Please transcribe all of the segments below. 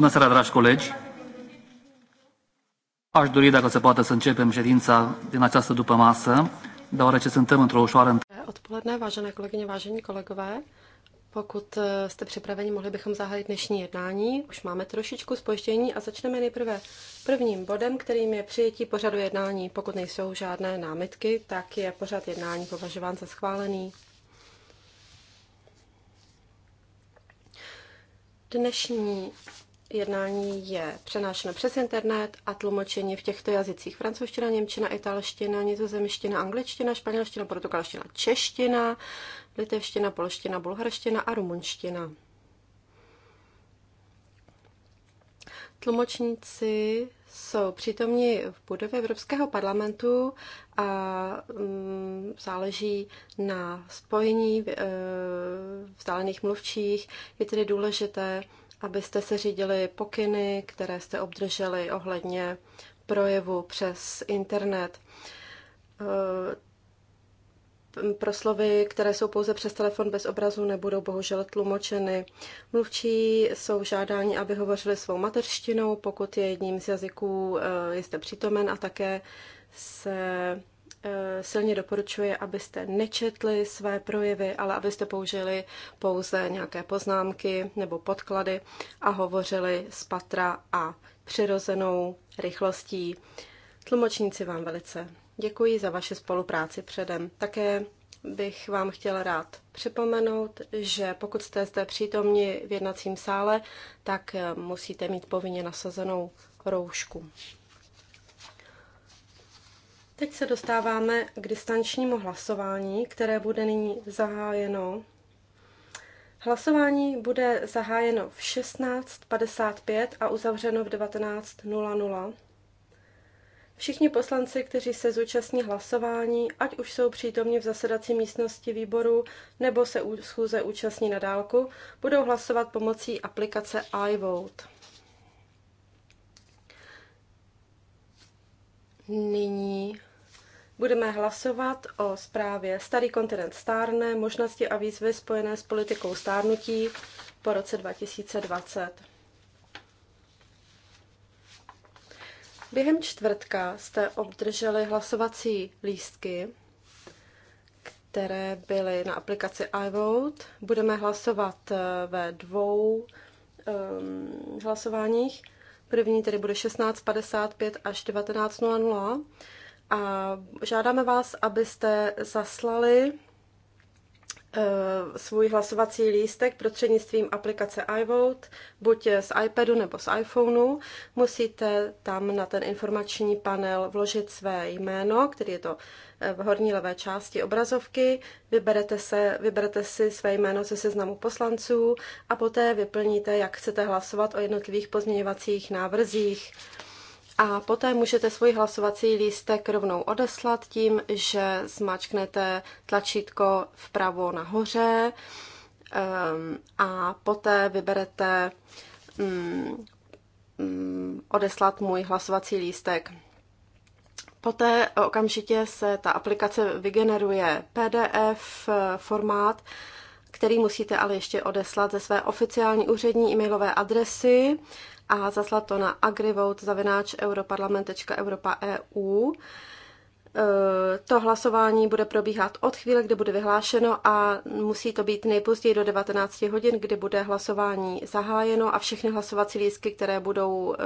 Bună seara, dragi colegi! Aș dori, dacă se poate, să începem ședința din această după masă, deoarece suntem într-o ușoară... Odpoledne, vážené kolegyně, vážení kolegové, pokud eh, jste připraveni, mohli bychom zahájit dnešní jednání. Už máme trošičku spoždění a začneme nejprve prvním bodem, kterým je přijetí pořadu jednání. Pokud nejsou žádné námitky, tak je pořad jednání považován za schválený. Dnešní Jednání je přenášeno přes internet a tlumočení v těchto jazycích francouzština, němčina, italština, nizozemština, angličtina, španělština, portugalština, čeština, litevština, polština, bulharština a rumunština. Tlumočníci jsou přítomni v budově Evropského parlamentu a um, záleží na spojení uh, vzdálených mluvčích. Je tedy důležité abyste se řídili pokyny, které jste obdrželi ohledně projevu přes internet. Eh, proslovy, které jsou pouze přes telefon bez obrazu, nebudou bohužel tlumočeny. Mluvčí jsou žádáni, aby hovořili svou materštinou, pokud je jedním z jazyků, eh, jste přítomen a také se Eh, silně doporučuji, abyste nečetli své projevy, ale abyste použili pouze nějaké poznámky nebo podklady a hovořili z patra a přirozenou rychlostí. Tlumočníci vám velice děkuji za vaši spolupráci předem. Také bych vám chtěla rád připomenout, že pokud jste zde přítomni v jednacím sále, tak eh, musíte mít povinně nasazenou roušku. Teď se dostáváme k distančnímu hlasování, které bude nyní zahájeno. Hlasování bude zahájeno v 16.55 a uzavřeno v 19.00. Všichni poslanci, kteří se zúčastní hlasování, ať už jsou přítomni v zasedací místnosti výboru nebo se schůze účastní na dálku, budou hlasovat pomocí aplikace iVote. Nyní budeme hlasovat o zprávě Starý kontinent stárne, možnosti a výzvy spojené s politikou stárnutí po roce 2020. Během čtvrtka jste obdrželi hlasovací lístky, které byly na aplikaci iVote. Budeme hlasovat eh, ve dvou um, hlasováních. První tedy bude 16.55 až 19.00 a žádáme vás, abyste zaslali eh, svůj hlasovací lístek prostřednictvím aplikace iVote, buď z iPadu nebo z iPhoneu. Musíte tam na ten informační panel vložit své jméno, který je to eh, v horní levé části obrazovky, vyberete, se, vyberete si své jméno ze seznamu poslanců a poté vyplníte, jak chcete hlasovat o jednotlivých pozměňovacích návrzích. A poté můžete svůj hlasovací lístek rovnou odeslat tím, že zmačknete tlačítko vpravo nahoře ehm, a poté vyberete mm, mm, odeslat můj hlasovací lístek. Poté okamžitě se ta aplikace vygeneruje PDF eh, formát který musíte ale ještě odeslat ze své oficiální úřední e-mailové adresy a zaslat to na agrivote.europarlament.europa.eu. E, to hlasování bude probíhat od chvíle, kdy bude vyhlášeno a musí to být nejpozději do 19 hodin, kdy bude hlasování zahájeno a všechny hlasovací lístky, které budou e,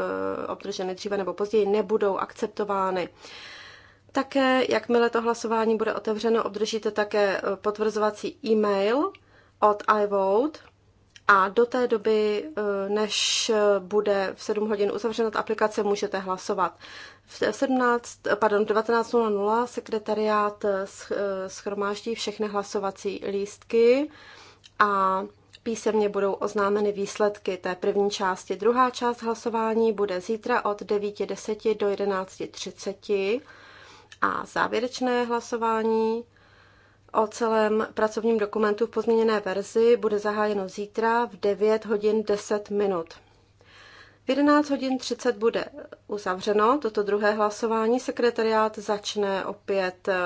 obdrženy dříve nebo později, nebudou akceptovány. Také, jakmile to hlasování bude otevřeno, obdržíte také e, potvrzovací e-mail, od iVote a do té doby, eh, než eh, bude v 7 hodin uzavřena ta aplikace, můžete hlasovat. V 17, pardon, 19.00 sekretariát eh, schromáždí všechny hlasovací lístky a písemně budou oznámeny výsledky té první části. Druhá část hlasování bude zítra od 9.10 do 11.30 a závěrečné hlasování O celém pracovním dokumentu v pozměněné verzi bude zahájeno zítra v 9 hodin 10 minut. V 11 hodin 30 bude uzavřeno toto druhé hlasování. Sekretariát začne opět eh,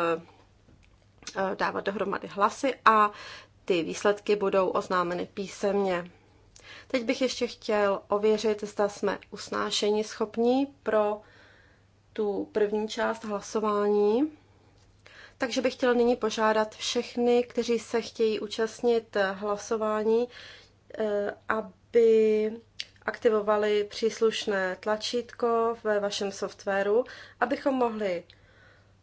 eh, dávat dohromady hlasy a ty výsledky budou oznámeny písemně. Teď bych ještě chtěl ověřit, zda jsme usnášení schopní pro tu první část hlasování. Takže bych chtěla nyní požádat všechny, kteří se chtějí účastnit hlasování, eh, aby aktivovali příslušné tlačítko ve vašem softwaru, abychom mohli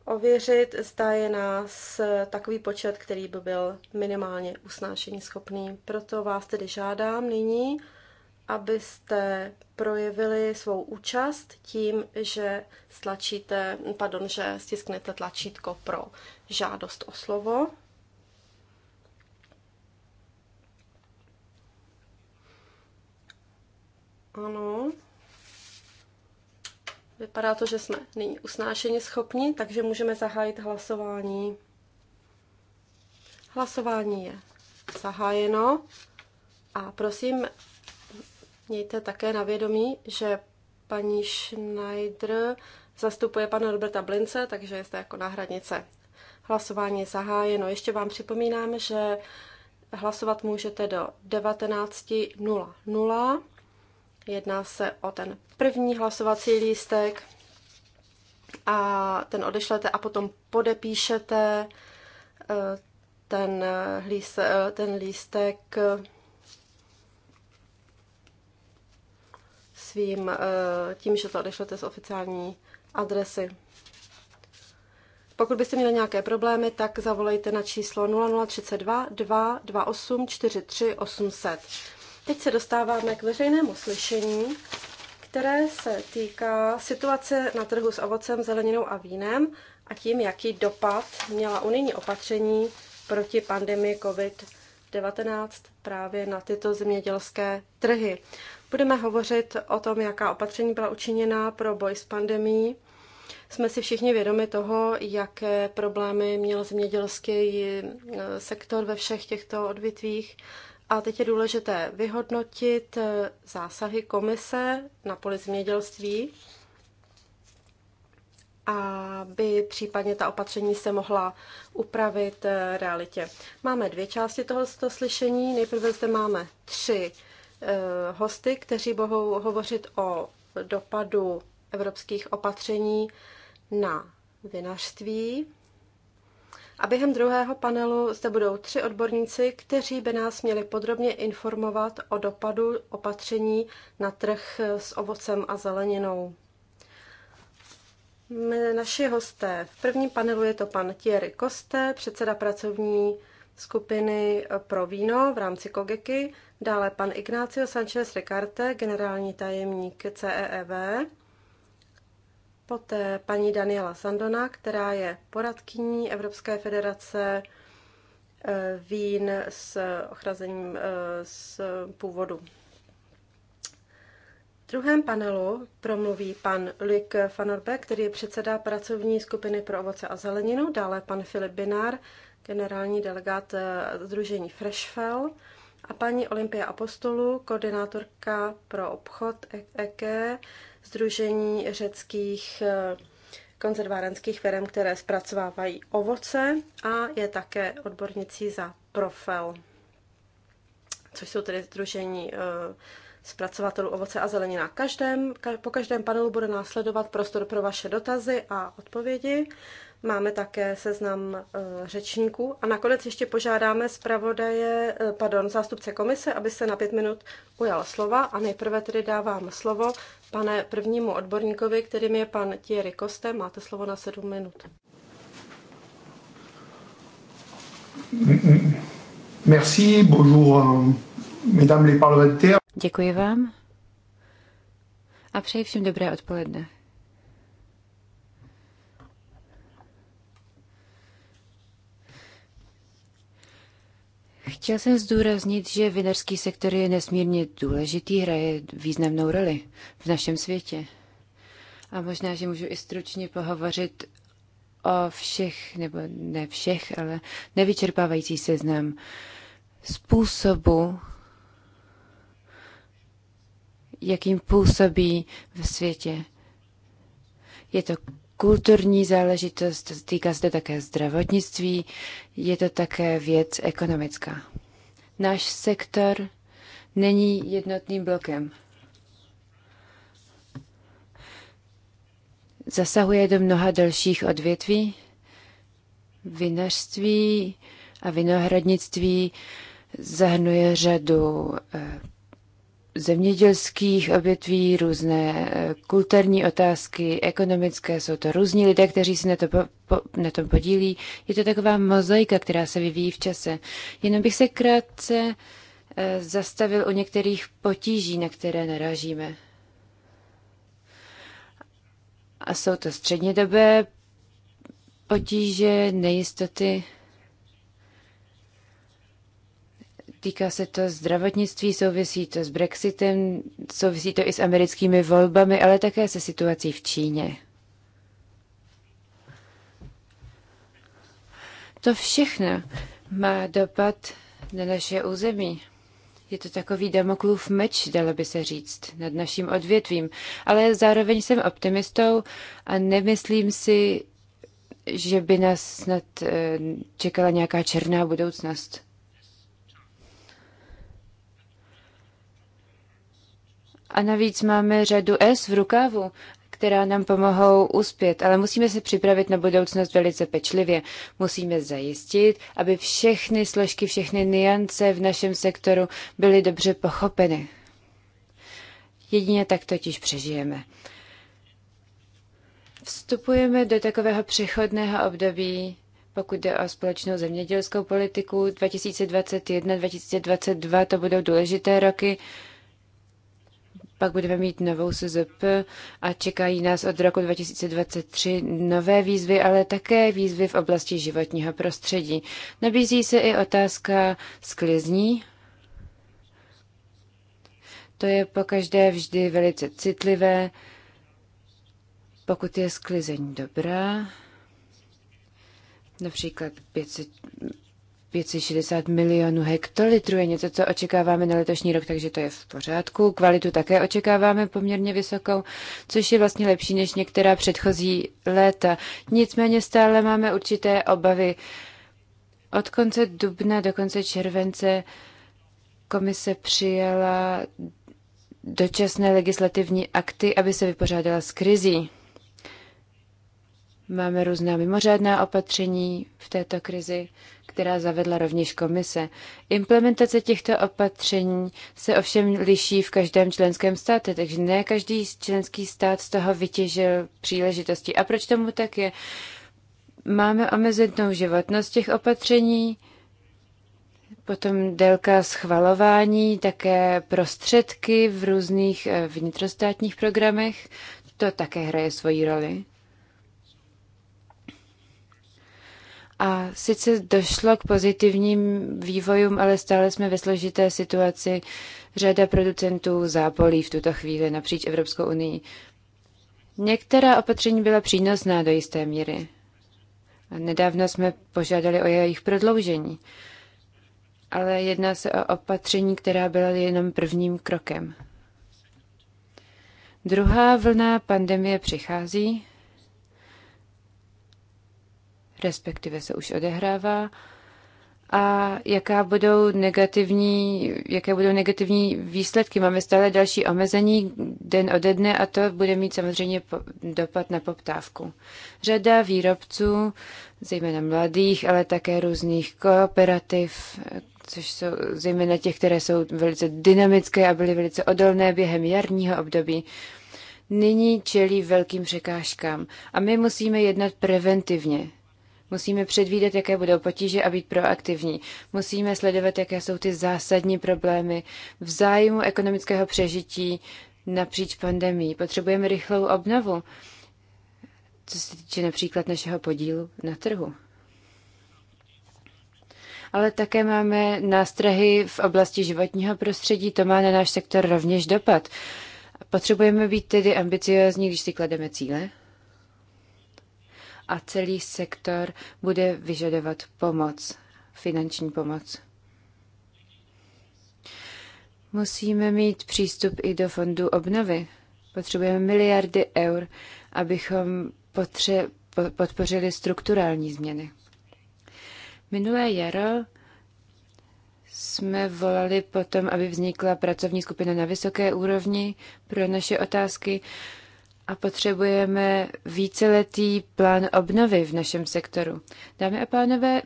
ověřit, zda je nás takový počet, který by byl minimálně usnášení schopný. Proto vás tedy žádám nyní, abyste projevili svou účast tím, že stlačíte, pardon, že stisknete tlačítko pro žádost o slovo. Ano. Vypadá to, že jsme nyní usnášení schopni, takže můžeme zahájit hlasování. Hlasování je zahájeno a prosím, Mějte také na vědomí, že paní Schneider zastupuje pana Roberta Blince, takže jste jako náhradnice. Hlasování je zahájeno. Ještě vám připomínám, že hlasovat můžete do 19.00. Jedná se o ten první hlasovací lístek a ten odešlete a potom podepíšete eh, eh, eh, ten, lístek, ten lístek svým, eh, tím, že to odešlete z oficiální adresy. Pokud byste měli nějaké problémy, tak zavolejte na číslo 0032 228 43 800. Teď se dostáváme k veřejnému slyšení, které se týká situace na trhu s ovocem, zeleninou a vínem a tím, jaký dopad měla unijní opatření proti pandemii COVID-19 právě na tyto zemědělské trhy. Budeme hovořit o tom, jaká opatření byla učiněna pro boj s pandemí. Jsme si všichni vědomi toho, jaké problémy měl zemědělský eh, sektor ve všech těchto odvětvích. A teď je důležité vyhodnotit eh, zásahy komise na poli zemědělství, aby případně ta opatření se mohla upravit eh, realitě. Máme dvě části tohoto slyšení. Nejprve zde máme tři Eh, hosty, kteří budou hovořit o dopadu evropských opatření na vinařství. A během druhého panelu zde budou tři odborníci, kteří by nás měli podrobně informovat o dopadu opatření na trh s ovocem a zeleninou. Naši hosté. V prvním panelu je to pan Thierry Koste, předseda pracovní skupiny eh, pro víno v rámci Kogeky, dále pan Ignacio Sanchez Recarte, generální tajemník CEEV, poté paní Daniela Sandona, která je poradkyní Evropské federace eh, vín s ochrazením eh, z původu. V druhém panelu promluví pan Luc Fanorbe, který je předseda pracovní skupiny pro ovoce a zeleninu, dále pan Filip Binár, generální delegát eh, Združení Freshfell a paní Olympia Apostolu, koordinátorka pro obchod EKE, e Združení řeckých eh, konzervárenských firm, které zpracovávají ovoce a je také odbornicí za Profel, což jsou tedy Združení eh, zpracovatelů ovoce a zelenina. Každém, po každém panelu bude následovat prostor pro vaše dotazy a odpovědi. Máme také seznam eh, řečníků a nakonec ještě požádáme zpravodaje, eh, pardon, zástupce komise, aby se na pět minut ujal slova a nejprve tedy dávám slovo pane prvnímu odborníkovi, kterým je pan Thierry Koste. Máte slovo na sedm minut. Merci, bonjour, euh, mesdames les parlementaires. Děkuji vám a přeji všem dobré odpoledne. Chtěl jsem zdůraznit, že vinařský sektor je nesmírně důležitý, hraje významnou roli v našem světě. A možná, že můžu i stručně pohovořit o všech, nebo ne všech, ale nevyčerpávající seznam způsobu, jakým působí v světě. Je to kulturní záležitost, týká se to také zdravotnictví, je to také věc ekonomická. Náš sektor není jednotným blokem. Zasahuje do mnoha dalších odvětví, vinařství a vinohradnictví zahrnuje řadu eh, zemědělských obětví, různé eh, kulturní otázky, ekonomické, jsou to různí lidé, kteří se na, to po, po, na tom podílí. Je to taková mozaika, která se vyvíjí v čase. Jenom bych se krátce eh, zastavil u některých potíží, na které narážíme. A jsou to střednědobé potíže, nejistoty, Týká se to zdravotnictví, souvisí to s Brexitem, souvisí to i s americkými volbami, ale také se situací v Číně. To všechno má dopad na naše území. Je to takový damoklův meč, dalo by se říct, nad naším odvětvím. Ale zároveň jsem optimistou a nemyslím si, že by nás snad eh, čekala nějaká černá budoucnost. A navíc máme řadu S v rukávu, která nám pomohou uspět, ale musíme se připravit na budoucnost velice pečlivě. Musíme zajistit, aby všechny složky, všechny niance v našem sektoru byly dobře pochopeny. Jedině tak totiž přežijeme. Vstupujeme do takového přechodného období, pokud jde o společnou zemědělskou politiku 2021-2022, to budou důležité roky pak budeme mít novou SZP a čekají nás od roku 2023 nové výzvy, ale také výzvy v oblasti životního prostředí. Nabízí se i otázka sklizní. To je po každé vždy velice citlivé, pokud je sklizeň dobrá, například 500 560 milionů hektolitrů je něco, co očekáváme na letošní rok, takže to je v pořádku. Kvalitu také očekáváme poměrně vysokou, což je vlastně lepší než některá předchozí léta. Nicméně stále máme určité obavy. Od konce dubna do konce července komise přijala dočasné legislativní akty, aby se vypořádala s krizí. Máme různá mimořádná opatření v této krizi, která zavedla rovněž komise. Implementace těchto opatření se ovšem liší v každém členském státě, takže ne každý členský stát z toho vytěžil příležitosti. A proč tomu tak je? Máme omezenou životnost těch opatření, potom délka schvalování, také prostředky v různých eh, vnitrostátních programech. To také hraje svoji roli. A sice došlo k pozitivním vývojům, ale stále jsme ve složité situaci. Řada producentů zápolí v tuto chvíli napříč Evropskou unii. Některá opatření byla přínosná do jisté míry. A nedávno jsme požádali o jejich prodloužení. Ale jedná se o opatření, která byla jenom prvním krokem. Druhá vlna pandemie přichází respektive se už odehrává, a jaká budou negativní, jaké budou negativní výsledky. Máme stále další omezení den ode dne a to bude mít samozřejmě dopad na poptávku. Řada výrobců, zejména mladých, ale také různých kooperativ, což jsou zejména těch, které jsou velice dynamické a byly velice odolné během jarního období, nyní čelí velkým překážkám. A my musíme jednat preventivně, Musíme předvídat, jaké budou potíže a být proaktivní. Musíme sledovat, jaké jsou ty zásadní problémy v zájmu ekonomického přežití napříč pandemí. Potřebujeme rychlou obnovu, co se týče například našeho podílu na trhu. Ale také máme nástrahy v oblasti životního prostředí, to má na náš sektor rovněž dopad. Potřebujeme být tedy ambiciozní, když si klademe cíle, a celý sektor bude vyžadovat pomoc, finanční pomoc. Musíme mít přístup i do fondu obnovy. Potřebujeme miliardy eur, abychom potře- podpořili strukturální změny. Minulé jaro jsme volali potom, aby vznikla pracovní skupina na vysoké úrovni pro naše otázky a potřebujeme víceletý plán obnovy v našem sektoru. Dámy a pánové,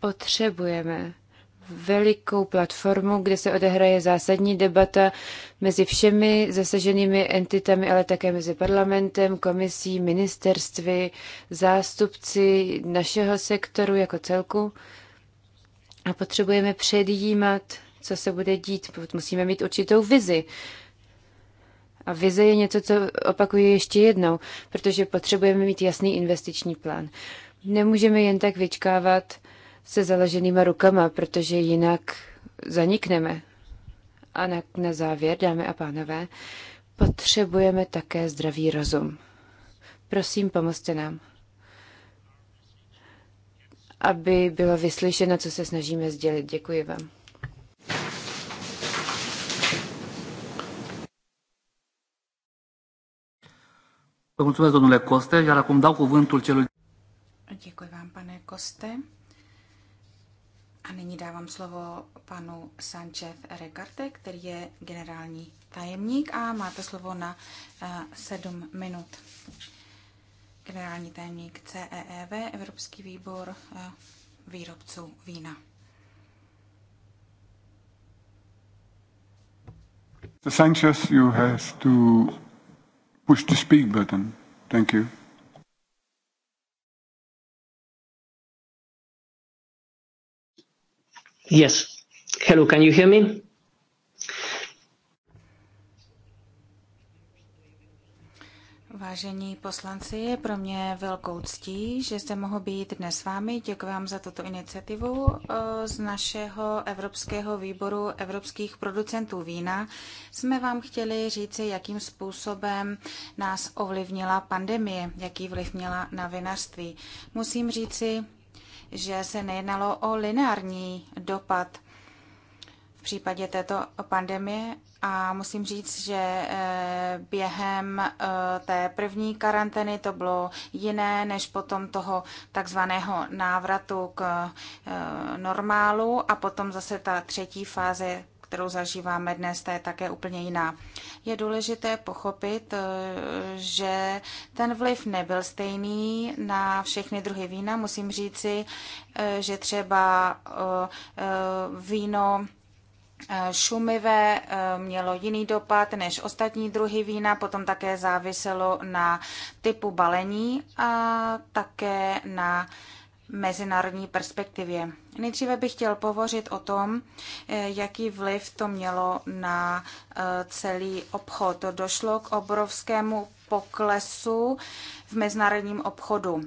potřebujeme velikou platformu, kde se odehraje zásadní debata mezi všemi zasaženými entitami, ale také mezi parlamentem, komisí, ministerstvy, zástupci našeho sektoru jako celku. A potřebujeme předjímat, co se bude dít. Musíme mít určitou vizi. A vize je něco, co opakuji ještě jednou, protože potřebujeme mít jasný investiční plán. Nemůžeme jen tak vyčkávat se založenýma rukama, protože jinak zanikneme. A na, na závěr, dámy a pánové, potřebujeme také zdravý rozum. Prosím, pomozte nám, aby bylo vyslyšeno, co se snažíme sdělit. Děkuji vám. Vă mulțumesc, domnule Coste, iar acum dau cuvântul celui... Děkuji vám, pane Koste. A nyní dávám slovo panu Sanchez Regarte, který je generální tajemník a máte slovo na uh, eh, 7 minut. Generální tajemník CEEV, Evropský výbor uh, výrobců vína. Mr. Sanchez, you have to Push the speak button. Thank you. Yes. Hello, can you hear me? Vážení poslanci, je pro mě velkou ctí, že zde mohu být dnes s vámi. Děkuji vám za tuto iniciativu eh, z našeho Evropského výboru evropských producentů vína. Jsme vám chtěli říci, jakým způsobem nás ovlivnila pandemie, jaký vliv měla na vinařství. Musím říci, že se nejednalo o lineární dopad v případě této pandemie a musím říct, že eh, během eh, té první karantény to bylo jiné než potom toho takzvaného návratu k eh, normálu a potom zase ta třetí fáze kterou zažíváme dnes, ta je také úplně jiná. Je důležité pochopit, že ten vliv nebyl stejný na všechny druhy vína. Musím říci, že třeba víno Eh, šumivé, eh, mělo jiný dopad než ostatní druhy vína, potom také záviselo na typu balení a také na mezinárodní perspektivě. Nejdříve bych chtěl povořit o tom, eh, jaký vliv to mělo na celý obchod. To došlo k obrovskému poklesu v mezinárodním obchodu.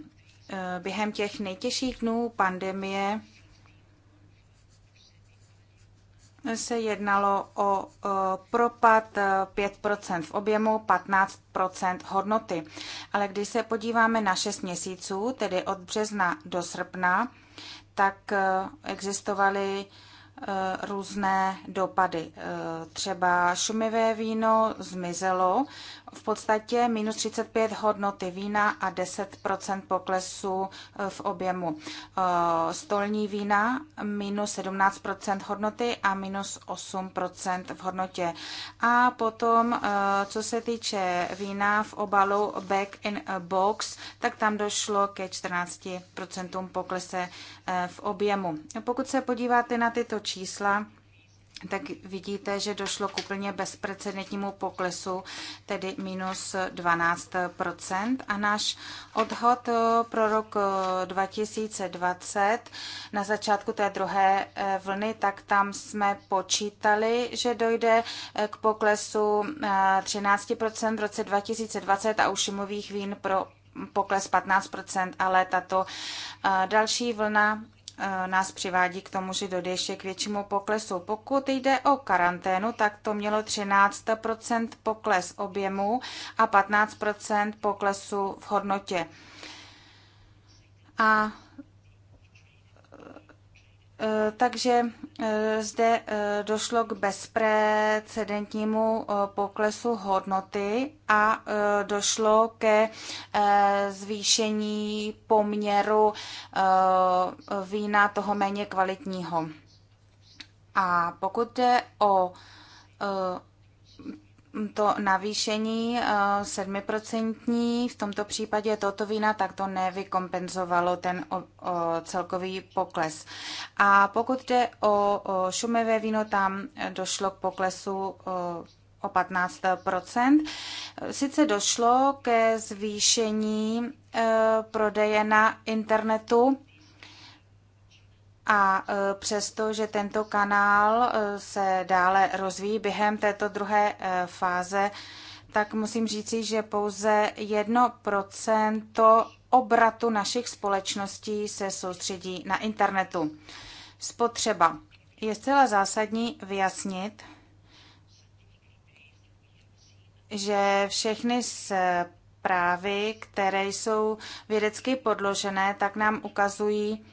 Během těch nejtěžších dnů pandemie se jednalo o propad 5% e, v objemu, 15% hodnoty. Ale když se podíváme na 6 měsíců, tedy od března do srpna, tak e, existovaly Eh, různé dopady. Eh, třeba šumivé víno zmizelo, v podstatě minus 35 hodnoty vína a 10 poklesu eh, v objemu. Stolní vína minus 17 hodnoty a minus 8 v hodnotě. A potom, co se týče vína v obalu back in a box, tak tam došlo ke 14 poklese v objemu. Pokud se podíváte na tyto čísla, tak vidíte, že došlo k úplně bezprecedentnímu poklesu, tedy minus 12 A náš odhod eh, pro rok 2020 eh, na začátku té druhé eh, vlny, tak tam jsme počítali, že dojde k poklesu 13 v roce 2020 a u šimových vín pro pokles 15 ale tato další vlna Eh, nás přivádí k tomu, že dojde ještě k většímu poklesu. Pokud jde o karanténu, tak to mělo 13 pokles objemu a 15 poklesu v hodnotě. A Eh, takže eh, zde eh, došlo k bezprecedentnímu poklesu hodnoty a došlo ke zvýšení poměru vína toho méně kvalitního. A pokud jde o to navýšení 7% eh, v tomto případě toto vína, tak to nevykompenzovalo ten celkový pokles. A pokud jde o šumivé víno, tam došlo k poklesu eh, o 15 Sice došlo ke zvýšení eh, prodeje na internetu, a e, přesto, že tento kanál e, se dále rozvíjí během této druhé e, fáze, tak musím říci, že pouze 1% obratu našich společností se soustředí na internetu. Spotřeba. Je zcela zásadní vyjasnit, že všechny zprávy, které jsou vědecky podložené, tak nám ukazují,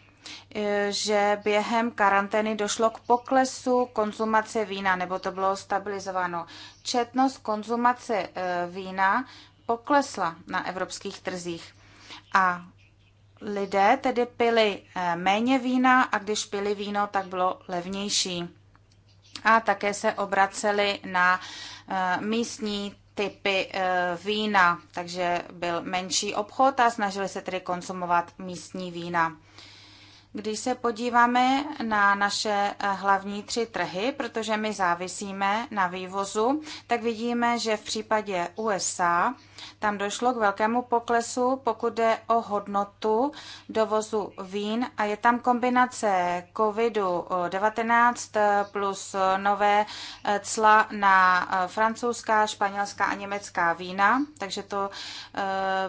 E, že během karantény došlo k poklesu konzumace vína, nebo to bylo stabilizováno. Četnost konzumace e, vína poklesla na evropských trzích. A lidé tedy pili e, méně vína a když pili víno, tak bylo levnější. A také se obraceli na místní typy vína, takže byl menší obchod a snažili se tedy konsumovat místní vína. Když se podíváme na naše eh, hlavní tři trhy, protože my závisíme na vývozu, tak vidíme, že v případě USA tam došlo k velkému poklesu, pokud jde o hodnotu dovozu vín a je tam kombinace COVID-19 e, plus e, nové e, cla na francouzská, španělská a německá vína, takže to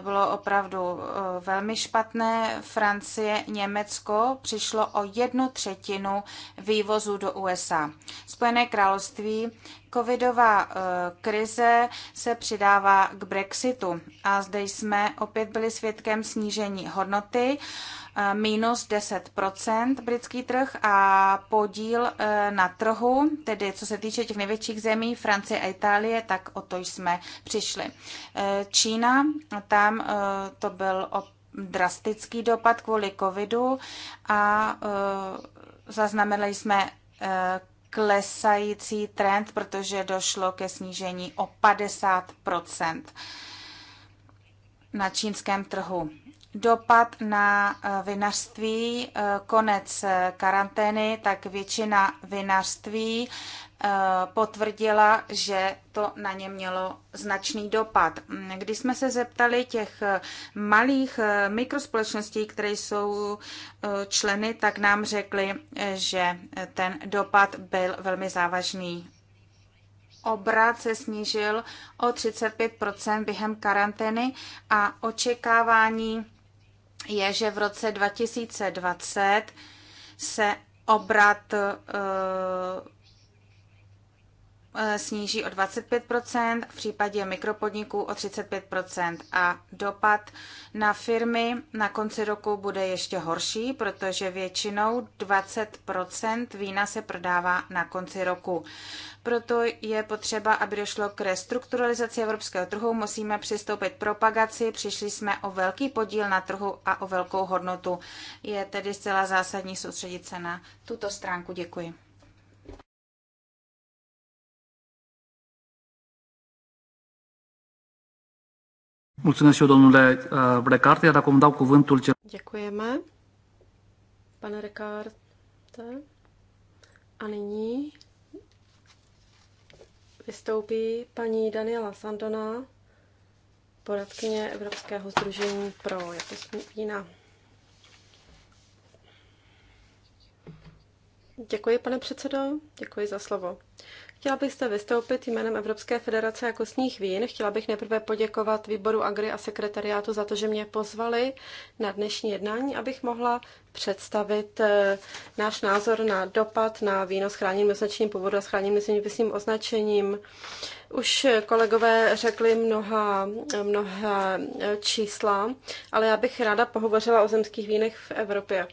bylo opravdu velmi špatné. Francie, Německo přišlo o jednu třetinu vývozu do USA. Spojené království Covidová eh, krize se přidává k Brexitu a zde jsme opět byli svědkem snížení hodnoty eh, minus 10 britský trh a podíl eh, na trhu, tedy co se týče těch největších zemí, Francie a Itálie, tak o to jsme přišli. Čína, tam to byl drastický dopad kvůli covidu a zaznamenali jsme klesající trend, protože došlo ke snížení o 50 na čínském trhu. Dopad na eh, vinařství, eh, konec karantény, tak většina vinařství potvrdila, že to na ně mělo značný dopad. Když jsme se zeptali těch malých eh, mikrospolečností, které jsou eh, členy, tak nám řekli, eh, že ten dopad byl velmi závažný. Obrat se snížil o 35 během karantény a očekávání je, že v roce 2020 se obrat Eh, sníží o 25 v případě mikropodniků o 35 a dopad na firmy na konci roku bude ještě horší, protože většinou 20 vína se prodává na konci roku. Proto je potřeba, aby došlo k restrukturalizaci evropského trhu, musíme přistoupit k propagaci, přišli jsme o velký podíl na trhu a o velkou hodnotu. Je tedy zcela zásadní soustředit se na tuto stránku. Děkuji. Mulțumesc și eu, domnule uh, Recart, iar acum dau cuvântul... Děkujeme, pane Recart. A nyní vystoupí paní Daniela Sandona, poradkyně Evropského združení pro jakost vína. Děkuji, pane předsedo, děkuji za slovo. Chtěla bych zde vystoupit jménem Evropské federace jako sních vín. Chtěla bych nejprve poděkovat výboru Agri a sekretariátu za to, že mě pozvali na dnešní jednání, abych mohla představit eh, náš názor na dopad na víno s chráněným označením původu a s chráněným zeměpisným označením. Už kolegové řekli mnoha, mnoha eh, čísla, ale já bych ráda pohovořila o zemských vínech v Evropě.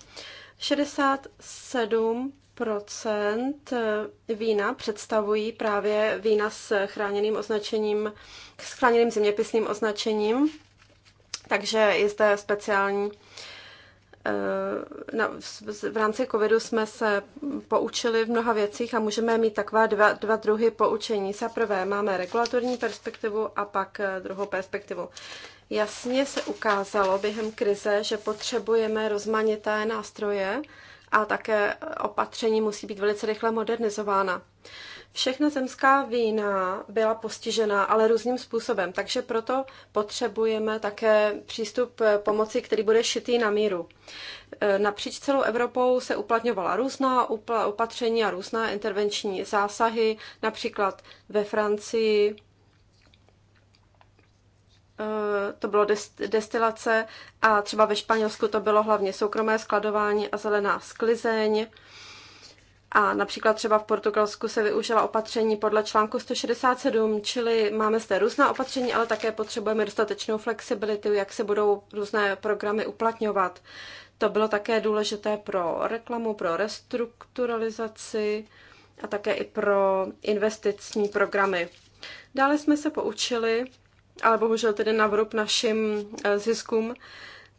67 Procent eh, vína představují právě vína s chráněným označením, s chráněným zeměpisným označením, takže je zde speciální eh, na, v rámci covidu jsme se poučili v mnoha věcích a můžeme mít takové dva, dva druhy poučení. Za prvé máme regulatorní perspektivu a pak eh, druhou perspektivu. Jasně se ukázalo během krize, že potřebujeme rozmanité nástroje, a také opatření musí být velice rychle modernizována. Všechna zemská vína byla postižena, ale různým způsobem, takže proto potřebujeme také přístup pomoci, který bude šitý na míru. Napříč celou Evropou se uplatňovala různá opatření a různá intervenční zásahy, například ve Francii Eh, to bylo destilace a třeba ve Španělsku to bylo hlavně soukromé skladování a zelená sklizeň. A například třeba v Portugalsku se využila opatření podle článku 167, čili máme zde různá opatření, ale také potřebujeme dostatečnou flexibilitu, jak se budou různé programy uplatňovat. To bylo také důležité pro reklamu, pro restrukturalizaci a také i pro investiční programy. Dále jsme se poučili, ale bohužel tedy na vrub našim eh, ziskům.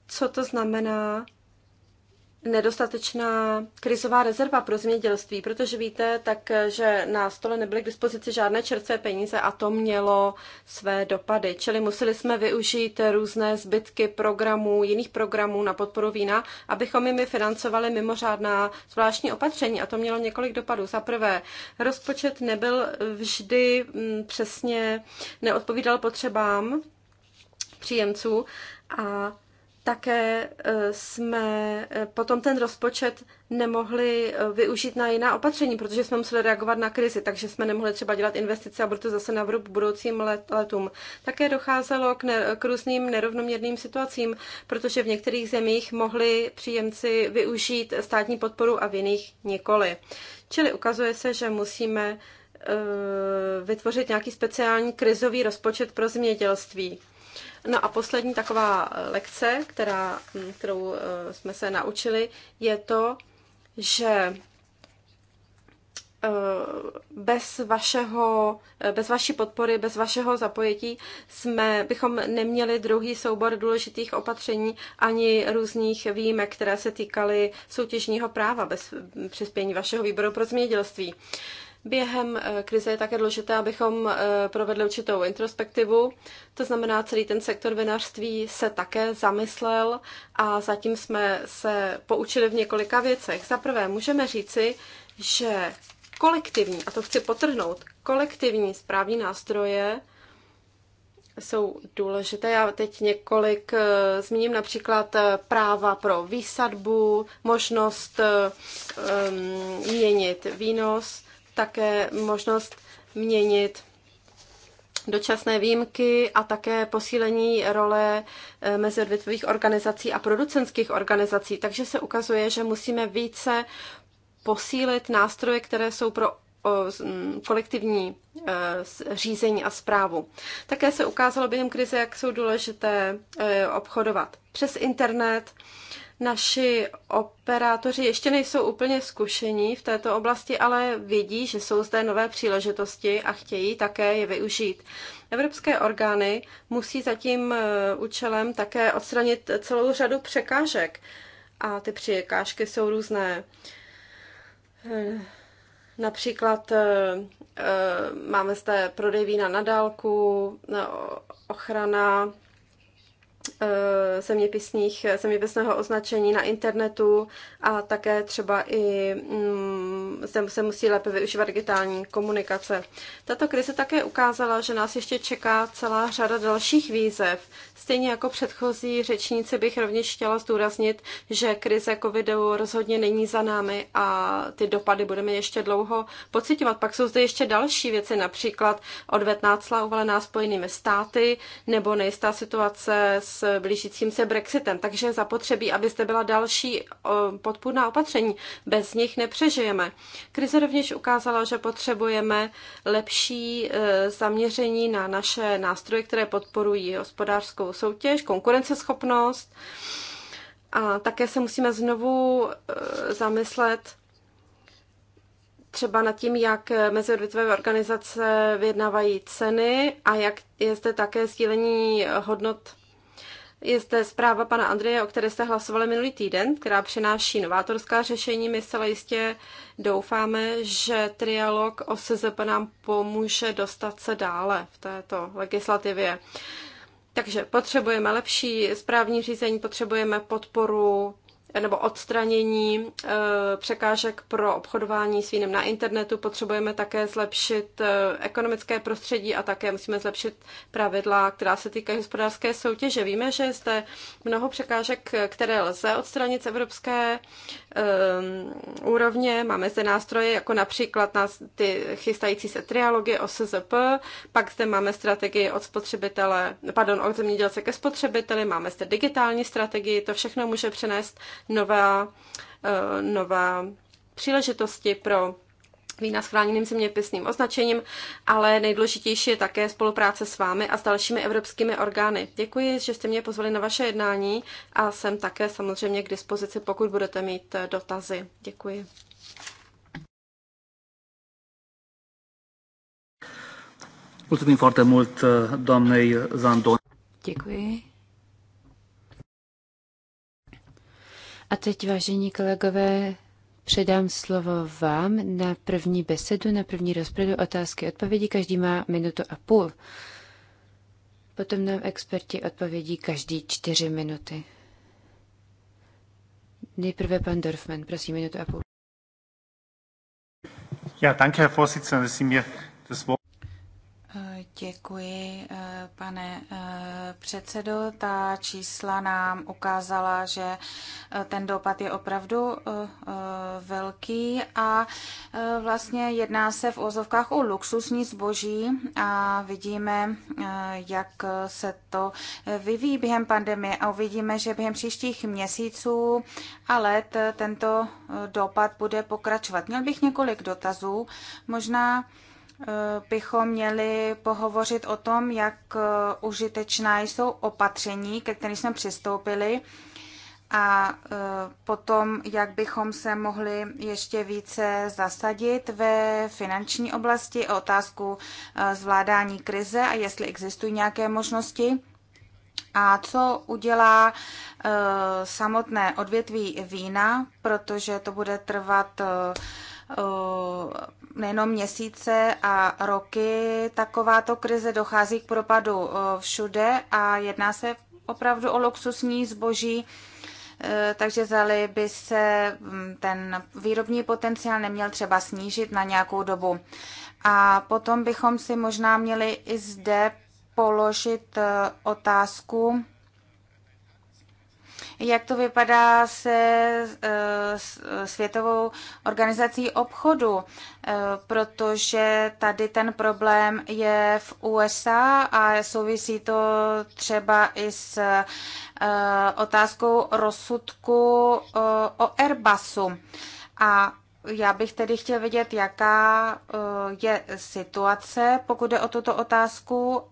Co to znamená nedostatečná krizová rezerva pro zemědělství, protože víte, tak, že na stole nebyly k dispozici žádné čerstvé peníze a to mělo své dopady. Čili museli jsme využít různé zbytky programů, jiných programů na podporu vína, abychom jimi financovali mimořádná zvláštní opatření a to mělo několik dopadů. Za prvé, rozpočet nebyl vždy mm, přesně, neodpovídal potřebám příjemců a také e, jsme e, potom ten rozpočet nemohli e, využít na jiná opatření, protože jsme museli reagovat na krizi, takže jsme nemohli třeba dělat investice a bude to zase na vrub budoucím let, letům. Také docházelo k, ne, k různým nerovnoměrným situacím, protože v některých zemích mohli příjemci využít státní podporu a v jiných nikoli. Čili ukazuje se, že musíme vytvořit nějaký speciální krizový rozpočet pro zemědělství. No a poslední taková eh, lekce, která, mm, kterou eh, jsme se naučili, je to, že eh, bez, vašeho, bez vaší podpory, bez vašeho zapojetí jsme, bychom neměli druhý soubor důležitých opatření ani různých výjimek, které se týkaly soutěžního práva bez mm, přispění vašeho výboru pro zemědělství. Uh, Během eh, krize je také důležité, abychom eh, provedli určitou introspektivu, to znamená, celý ten sektor vinařství se také zamyslel a zatím jsme se poučili v několika věcech. Za prvé můžeme říci, že kolektivní, a to chci potrhnout, kolektivní správní nástroje jsou důležité. Já teď několik eh, zmíním například práva pro výsadbu, možnost um, měnit výnos, také možnost měnit dočasné výjimky a také posílení role eh, meziodvětvových organizací a producentských organizací. Takže se ukazuje, že musíme více posílit nástroje, které jsou pro kolektivní eh, řízení a zprávu. Také se ukázalo během krize, jak jsou důležité eh, obchodovat přes internet, Naši operátoři ještě nejsou úplně zkušení v této oblasti, ale vidí, že jsou zde nové příležitosti a chtějí také je využít. Evropské orgány musí za tím eh, účelem také odstranit celou řadu překážek. A ty překážky jsou různé. Eh, například eh, máme zde prodej vína na dálku, ochrana Eh, zeměpisných, eh, zeměpisného označení na internetu a také třeba i mm, se, se musí lépe využívat digitální komunikace. Tato krize také ukázala, že nás ještě čeká celá řada dalších výzev. Stejně jako předchozí řečníci bych rovněž chtěla zdůraznit, že krize covidu rozhodně není za námi a ty dopady budeme ještě dlouho pocitovat. Pak jsou zde ještě další věci, například odvetná cla uvalená spojenými státy nebo nejistá situace s s blížícím se Brexitem, takže zapotřebí, abyste byla další podpůrná opatření. Bez nich nepřežijeme. Krize rovněž ukázala, že potřebujeme lepší e, zaměření na naše nástroje, které podporují hospodářskou soutěž, konkurenceschopnost. A také se musíme znovu e, zamyslet, třeba nad tím, jak meziodvětové organizace vyjednávají ceny a jak je zde také sdílení hodnot je zde zpráva pana Andreje, o které jste hlasovali minulý týden, která přináší novátorská řešení. My se jistě doufáme, že trialog o SZP nám pomůže dostat se dále v této legislativě. Takže potřebujeme lepší správní řízení, potřebujeme podporu nebo odstranění eh, překážek pro obchodování s vínem na internetu. Potřebujeme také zlepšit eh, ekonomické prostředí a také musíme zlepšit pravidla, která se týkají hospodářské soutěže. Víme, že je zde mnoho překážek, eh, které lze odstranit z evropské um, úrovně, máme zde nástroje, jako například na ty chystající se trialogy o SZP, pak zde máme strategii od spotřebitele, pardon, od zemědělce ke spotřebiteli, máme zde digitální strategii, to všechno může přenést nová, uh, nová příležitosti pro vína s chráněným zeměpisným označením, ale nejdůležitější je také spolupráce s vámi a s dalšími evropskými orgány. Děkuji, že jste mě pozvali na vaše jednání a jsem také samozřejmě k dispozici, pokud budete mít eh, dotazy. Děkuji. Mulțumim foarte mult eh, doamnei Zandon. Děkuji. A teď, vážení kolegové, Předám slovo vám na první besedu, na první rozpravu otázky a odpovědi. Každý má minutu a půl. Potom nám experti odpovědí každý čtyři minuty. Nejprve pan Dorfman, prosím, minutu a půl. Ja, danke, Herr Vorsitzender, dass Sie mir das Wort... Děkuji, eh, pane eh, předsedo. Ta čísla nám ukázala, že eh, ten dopad je opravdu velký a vlastně jedná se v ozovkách o luxusní zboží a vidíme, jak se to vyvíjí během pandemie a uvidíme, že během příštích měsíců a let tento dopad bude pokračovat. Měl bych několik dotazů. Možná Eh, bychom měli pohovořit o tom, jak eh, užitečná jsou opatření, ke kterým jsme přistoupili a eh, potom, jak bychom se mohli ještě více zasadit ve finanční oblasti o otázku zvládání krize a jestli existují nějaké možnosti. A co udělá samotné odvětví vína, protože to bude trvat Eh, nejenom měsíce a roky takováto krize dochází k propadu eh, všude a jedná se opravdu o luxusní zboží, eh, takže zali by se mm, ten výrobní potenciál neměl třeba snížit na nějakou dobu. A potom bychom si možná měli i zde položit otázku, jak to vypadá se eh, eh, Světovou organizací obchodu, eh, protože tady ten problém je v USA a souvisí to třeba i s otázkou rozsudku o Airbusu. A já bych tedy chtěl vědět, jaká je situace, pokud jde o tuto otázku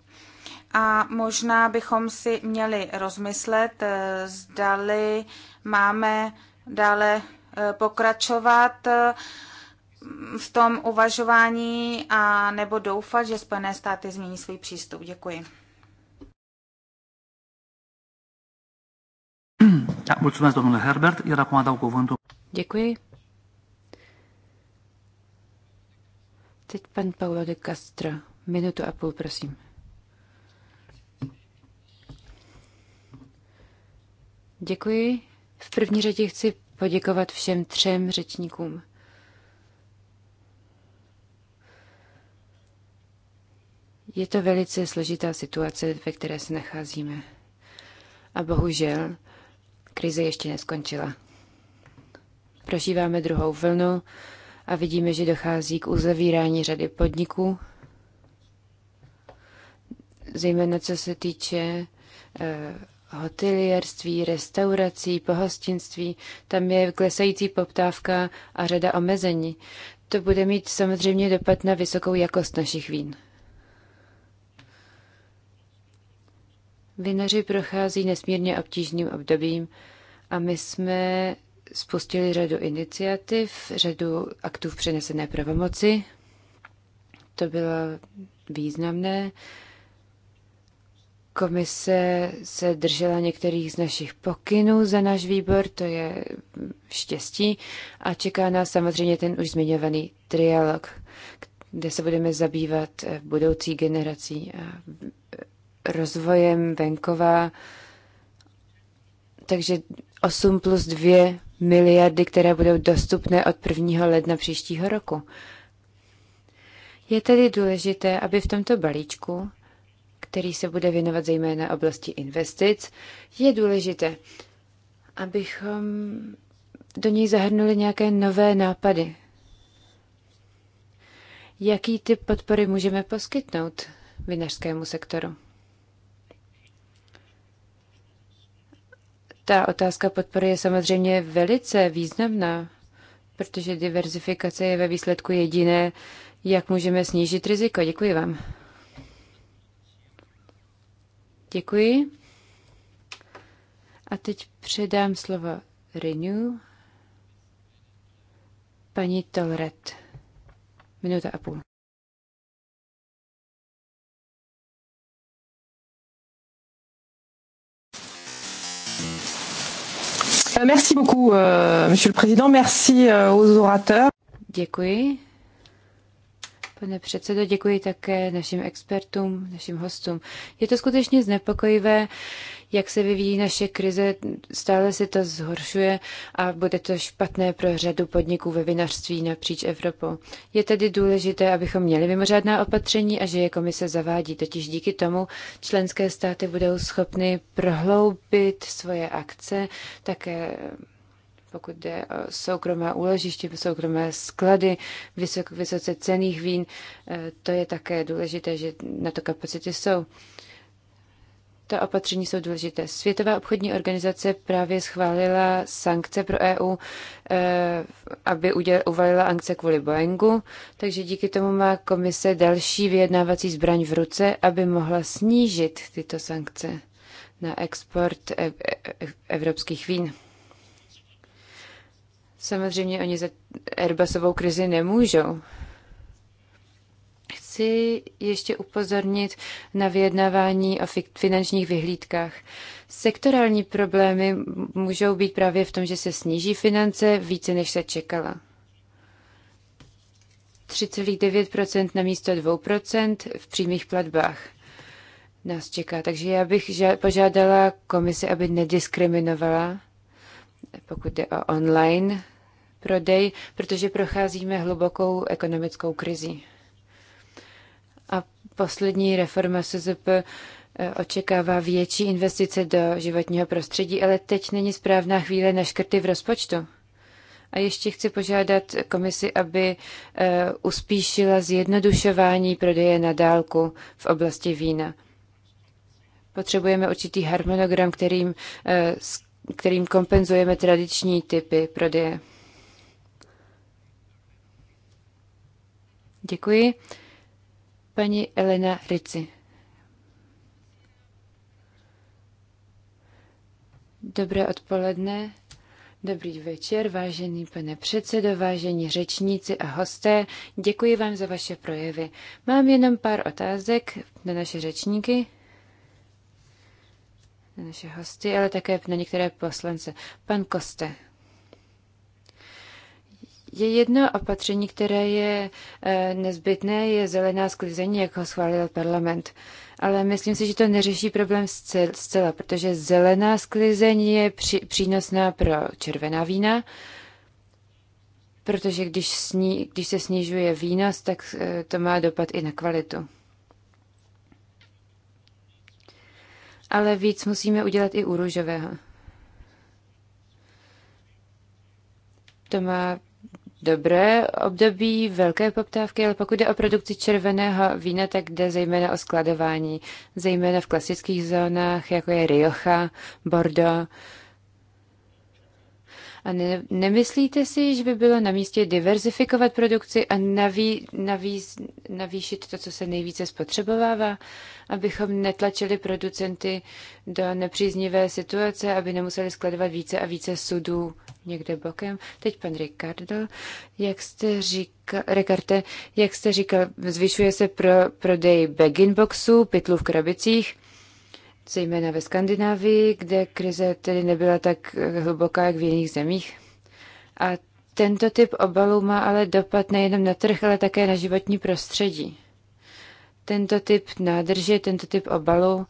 a možná bychom si měli rozmyslet, eh, zdali máme dále eh, pokračovat eh, v tom uvažování a nebo doufat, že Spojené státy změní svůj přístup. Děkuji. Děkuji. Teď pan Paulo de Castro. Minutu a půl, prosím. Děkuji. V první řadě chci poděkovat všem třem řečníkům. Je to velice složitá situace, ve které se nacházíme. A bohužel, krize ještě neskončila. Prožíváme druhou vlnu a vidíme, že dochází k uzavírání řady podniků, zejména co se týče eh, hotelierství, restaurací, pohostinství. Tam je klesající poptávka a řada omezení. To bude mít samozřejmě dopad na vysokou jakost našich vín. Vinaři prochází nesmírně obtížným obdobím a my jsme spustili řadu iniciativ, řadu aktů v přenesené pravomoci. To bylo významné Komise se držela některých z našich pokynů za náš výbor, to je štěstí, a čeká nás samozřejmě ten už zmiňovaný trialog, kde se budeme zabývat eh, budoucí generací a eh, rozvojem venkova. Takže 8 plus 2 miliardy, které budou dostupné od 1. ledna příštího roku. Je tedy důležité, aby v tomto balíčku který se bude věnovat zejména oblasti investic, je důležité, abychom do něj zahrnuli nějaké nové nápady. Jaký typ podpory můžeme poskytnout vinařskému sektoru? Ta otázka podpory je samozřejmě velice významná, protože diverzifikace je ve výsledku jediné, jak můžeme snížit riziko. Děkuji vám. Děkuji. A teď předám slovo Renew paní Tolret. Minuta a půl. Merci beaucoup, euh, Monsieur le Président. Merci euh, aux orateurs. Děkuji. Pane předsedo, děkuji také našim expertům, našim hostům. Je to skutečně znepokojivé, jak se vyvíjí naše krize, stále se to zhoršuje a bude to špatné pro řadu podniků ve vinařství napříč Evropou. Je tedy důležité, abychom měli mimořádná opatření a že je komise zavádí, totiž díky tomu členské státy budou schopny prohloubit svoje akce, také pokud jde o soukromé úložiště, soukromé sklady vysok, vysoce cených vín, eh, to je také důležité, že na to kapacity jsou. Ta opatření jsou důležité. Světová obchodní organizace právě schválila sankce pro EU, eh, aby uděl, uvalila sankce kvůli Boeingu, takže díky tomu má komise další vyjednávací zbraň v ruce, aby mohla snížit tyto sankce na export evropských vín. Samozřejmě oni za Airbusovou krizi nemůžou. Chci ještě upozornit na vyjednávání o finančních vyhlídkách. Sektorální problémy můžou být právě v tom, že se sníží finance více, než se čekala. 3,9% na místo 2% v přímých platbách nás čeká. Takže já bych požádala komisi, aby nediskriminovala pokud jde o online prodej, protože procházíme hlubokou ekonomickou krizi. A poslední reforma SZP eh, očekává větší investice do životního prostředí, ale teď není správná chvíle na škrty v rozpočtu. A ještě chci požádat komisi, aby eh, uspíšila zjednodušování prodeje na dálku v oblasti vína. Potřebujeme určitý harmonogram, kterým eh, kterým kompenzujeme tradiční typy prodeje. Děkuji. Paní Elena Rici. Dobré odpoledne, dobrý večer, vážený pane předsedo, vážení řečníci a hosté. Děkuji vám za vaše projevy. Mám jenom pár otázek na naše řečníky na naše hosty, ale také na některé poslance. Pan Koste. Je jedno opatření, které je eh, nezbytné, je zelená sklizení, jak ho schválil parlament. Ale myslím si, že to neřeší problém zcela, protože zelená sklizení je při, přínosná pro červená vína, protože když, sní, když se snižuje výnos, tak eh, to má dopad i na kvalitu. ale víc musíme udělat i u růžového. To má dobré období velké poptávky, ale pokud jde o produkci červeného vína, tak jde zejména o skladování, zejména v klasických zónách, jako je Rioja, Bordeaux, a ne, nemyslíte si, že by bylo na místě diverzifikovat produkci a naví, naví, navýšit to, co se nejvíce spotřebovává, abychom netlačili producenty do nepříznivé situace, aby nemuseli skladovat více a více sudů někde bokem? Teď pan Ricardo, jak jste říkal, Ricarte, jak jste říkal, zvyšuje se pro, prodej bag-in boxů, pytlů v krabicích, zejména ve Skandinávii, kde krize tedy nebyla tak hluboká, jak v jiných zemích. A tento typ obalů má ale dopad nejenom na trh, ale také na životní prostředí. Tento typ nádrže, tento typ obalu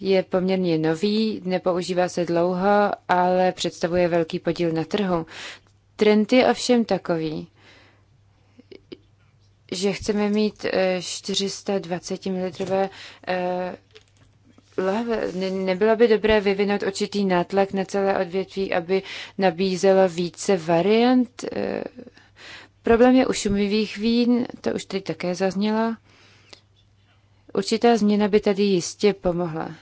je poměrně nový, nepoužívá se dlouho, ale představuje velký podíl na trhu. Trend je ovšem takový, že chceme mít 420 eh, ml eh, lahve. Nebylo by dobré vyvinout určitý nátlak na celé odvětví, aby nabízelo více variant? Eh, problém je u šumivých vín, to už tady také zaznělo. Určitá změna by tady jistě pomohla.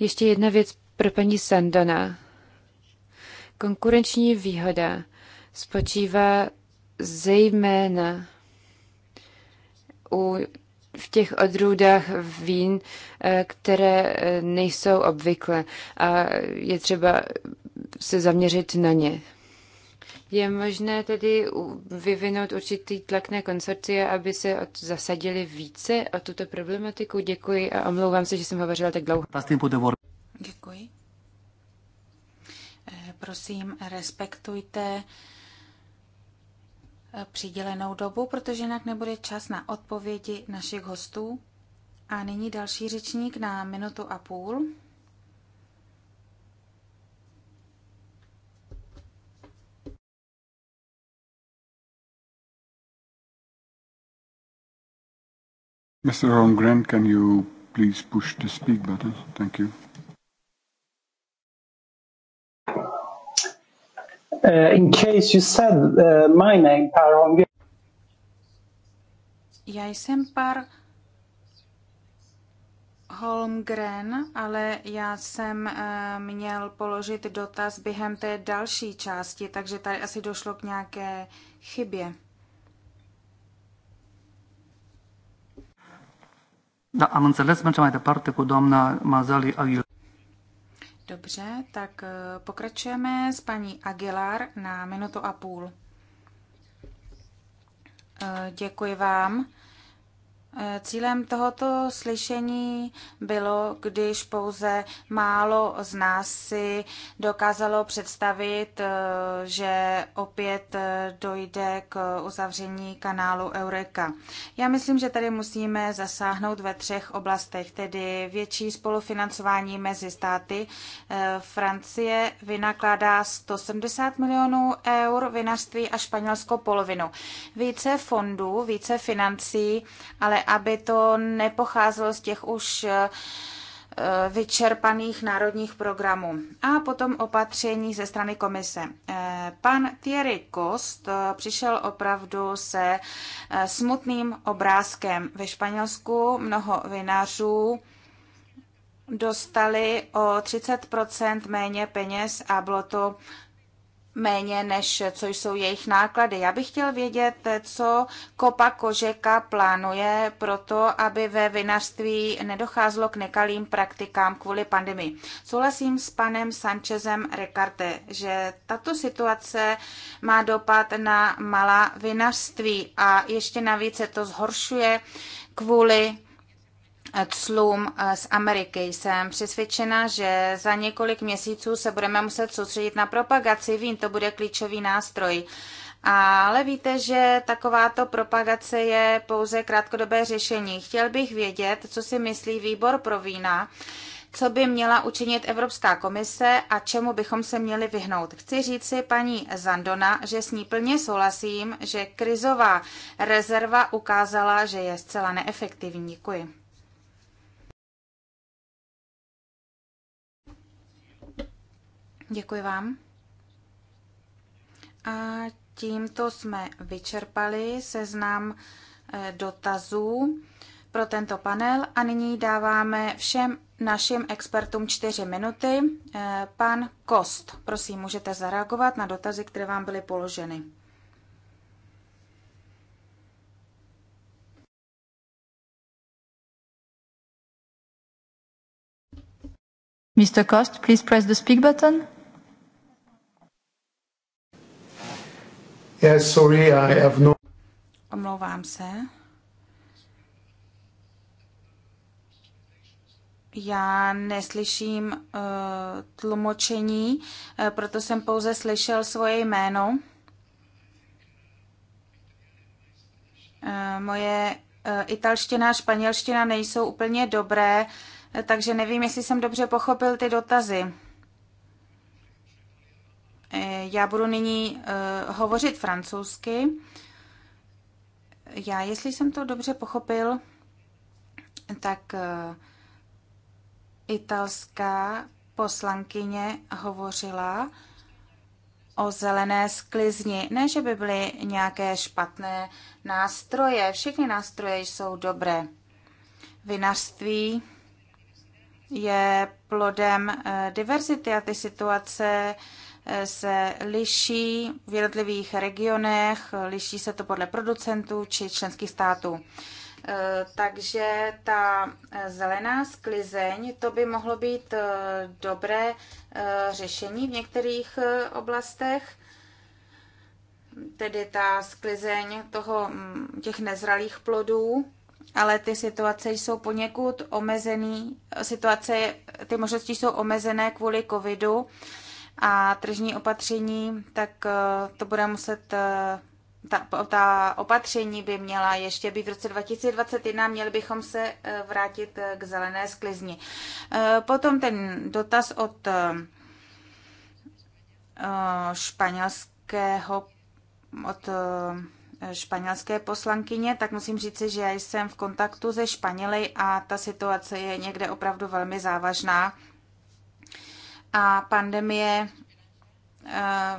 Ještě jedna věc pro paní Sandana. Konkurenční výhoda spočívá zejména u, v těch odrůdách vín, eh, které eh, nejsou obvykle a je třeba se zaměřit na ně. Je možné tedy vyvinout určitý tlak na konsorcie, aby se od, zasadili více o tuto problematiku? Děkuji a omlouvám se, že jsem hovořila tak dlouho. Děkuji. Eh, prosím, respektujte přidělenou dobu, protože jinak nebude čas na odpovědi našich hostů. A nyní další řečník na minutu a půl. Mr. Holmgren, can you please push the speak button? Thank you. uh, in case you said uh, my name, Parhon. Já jsem Par Holmgren, ale já jsem uh, měl položit dotaz během té další části, takže tady asi došlo k nějaké chybě. Da, am înțeles, mergem mai departe cu doamna Mazali Aguilar. Dobře, tak eh, pokračujeme s paní Aguilar na minutu a půl. Eh, děkuji vám. Cílem tohoto slyšení bylo, když pouze málo z nás si dokázalo představit, eh, že opět eh, dojde k uzavření kanálu Eureka. Já myslím, že tady musíme zasáhnout ve třech oblastech, tedy větší spolufinancování mezi státy. Eh, Francie vynakládá 170 milionů eur, vinařství a Španělsko polovinu. Více fondů, více financí, ale aby to nepocházelo z těch už eh, vyčerpaných národních programů a potom opatření ze strany komise. Eh, pan Thierry Kost eh, přišel opravdu se smutným obrázkem. Ve Španělsku mnoho vinařů dostali o 30 méně peněz a bylo to méně, než co jsou jejich náklady. Já bych chtěl vědět, co Kopa Kožeka plánuje pro to, aby ve vinařství nedocházelo k nekalým praktikám kvůli pandemii. Souhlasím s panem Sanchezem Recarte, že tato situace má dopad na malá vinařství a ještě navíc se to zhoršuje kvůli clům eh, z Ameriky. Jsem přesvědčena, že za několik měsíců se budeme muset soustředit na propagaci vín, to bude klíčový nástroj. Ale víte, že takováto propagace je pouze krátkodobé řešení. Chtěl bych vědět, co si myslí výbor pro vína, co by měla učinit Evropská komise a čemu bychom se měli vyhnout. Chci říct si paní Zandona, že s ní plně souhlasím, že krizová rezerva ukázala, že je zcela neefektivní. Děkuji. Děkuji vám. A tímto jsme vyčerpali seznam eh, dotazů pro tento panel a nyní dáváme všem našim expertům čtyři minuty. Eh, pan Kost, prosím, můžete zareagovat na dotazy, které vám byly položeny. Mr. Kost, please press the speak button. Yes, sorry, I have no... Omlouvám se. Já neslyším uh, tlumočení, uh, proto jsem pouze slyšel svoje jméno. Uh, moje uh, italština a španělština nejsou úplně dobré, takže nevím, jestli jsem dobře pochopil ty dotazy. Eh, já budu nyní eh, hovořit francouzsky. Já, jestli jsem to dobře pochopil, tak eh, italská poslankyně hovořila o zelené sklizni. Ne, že by byly nějaké špatné nástroje. Všechny nástroje jsou dobré. Vinařství je plodem diverzity a ty situace se liší v jednotlivých regionech, liší se to podle producentů či členských států. Eh, takže ta eh, zelená sklizeň, to by mohlo být eh, dobré řešení v některých oblastech, tedy ta sklizeň toho, mm, těch nezralých plodů, ale ty situace jsou poněkud omezené. situace, ty možnosti jsou omezené kvůli covidu a tržní opatření, tak eh, to bude muset eh, ta, ta opatření by měla ještě být v roce 2021, měli bychom se eh, vrátit k zelené sklizni. Potom ten dotaz od španělského od španělské poslankyně, tak musím říci, že jsem v kontaktu se Španěly a ta situace je někde opravdu velmi závažná a pandemie eh,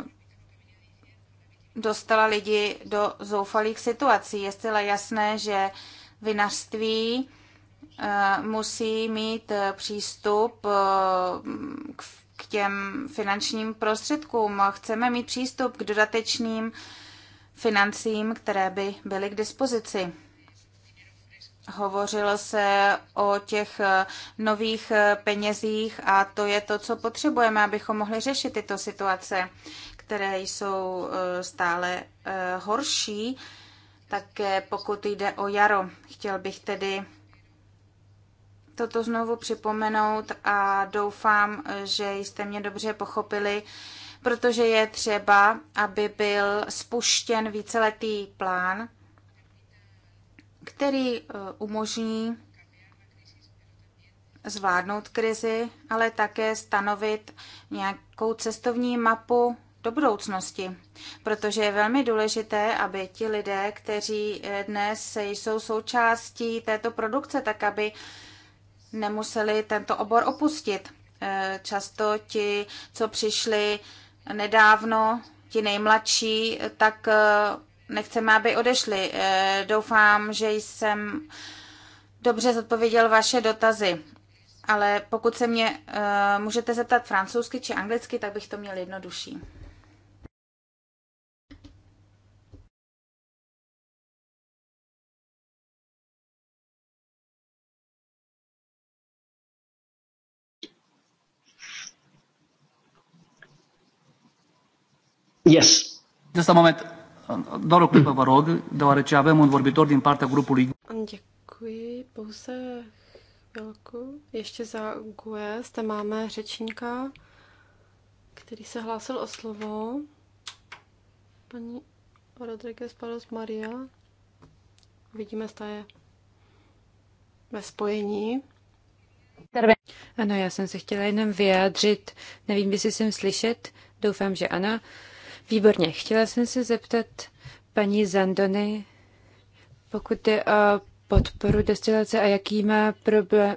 dostala lidi do zoufalých situací. Je zcela jasné, že vinařství eh, musí mít eh, přístup k těm finančním prostředkům. Chceme mít přístup k dodatečným financím, které by byly k dispozici. Hovořilo se o těch eh, nových eh, penězích a to je to, co potřebujeme, abychom mohli řešit tyto situace, které jsou eh, stále horší. Také pokud jde o jaro, chtěl bych tedy toto znovu připomenout a doufám, že jste mě dobře pochopili, protože je třeba, aby byl spuštěn víceletý plán, který eh, umožní zvládnout krizi, ale také stanovit nějakou cestovní mapu do budoucnosti, protože je velmi důležité, aby ti lidé, kteří eh, dnes jsou součástí této produkce, tak aby nemuseli tento obor opustit. Eh, často ti, co přišli nedávno, ti nejmladší, tak nechceme, aby odešli. Eh, doufám, že jsem dobře zodpověděl vaše dotazy. Ale pokud se mě uh, můžete zeptat francouzsky či anglicky, tak bych to měl jednodušší. Yes. Just a moment doar o clipă vă rog, deoarece avem un vorbitor din partea grupului. Děkuji, pouze chvilku. Ještě za GUE zde máme řečníka, který se hlásil o slovo. Paní Rodriguez Palos Maria. Vidíme, zda je ve spojení. Ano, já jsem se chtěla jenom vyjádřit. Nevím, jestli jsem slyšet. Doufám, že ano. Výborně. Chtěla jsem se zeptat paní Zandony, pokud je o podporu destilace a jaký má problém,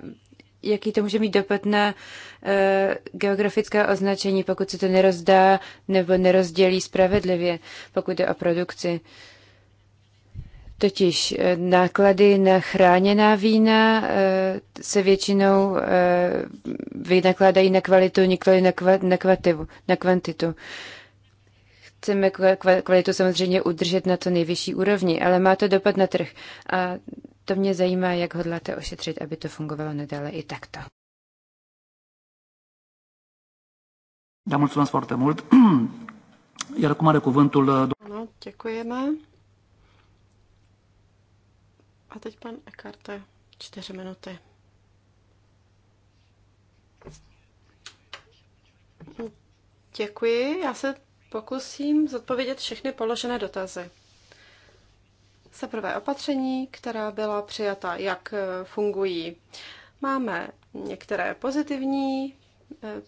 jaký to může mít dopad na uh, geografické označení, pokud se to nerozdá nebo nerozdělí spravedlivě, pokud je o produkci. Totiž eh, náklady na chráněná vína uh, se většinou uh, vynakládají na kvalitu, nikoli na, kva- na, kvativu, na kvantitu. Uh, chceme kvalitu samozřejmě udržet na to nejvyšší úrovni, ale má to dopad na trh. A to mě zajímá, jak hodláte ošetřit, aby to fungovalo nadále i takto. Da, mulțumesc foarte mult. Iar acum are cuvântul... Ano, uh, děkujeme. A teď pan Ekarte, čtyři minuty. Děkuji, já se pokusím zodpovědět všechny položené dotazy. Za prvé opatření, která byla přijata, jak e, fungují. Máme některé pozitivní e,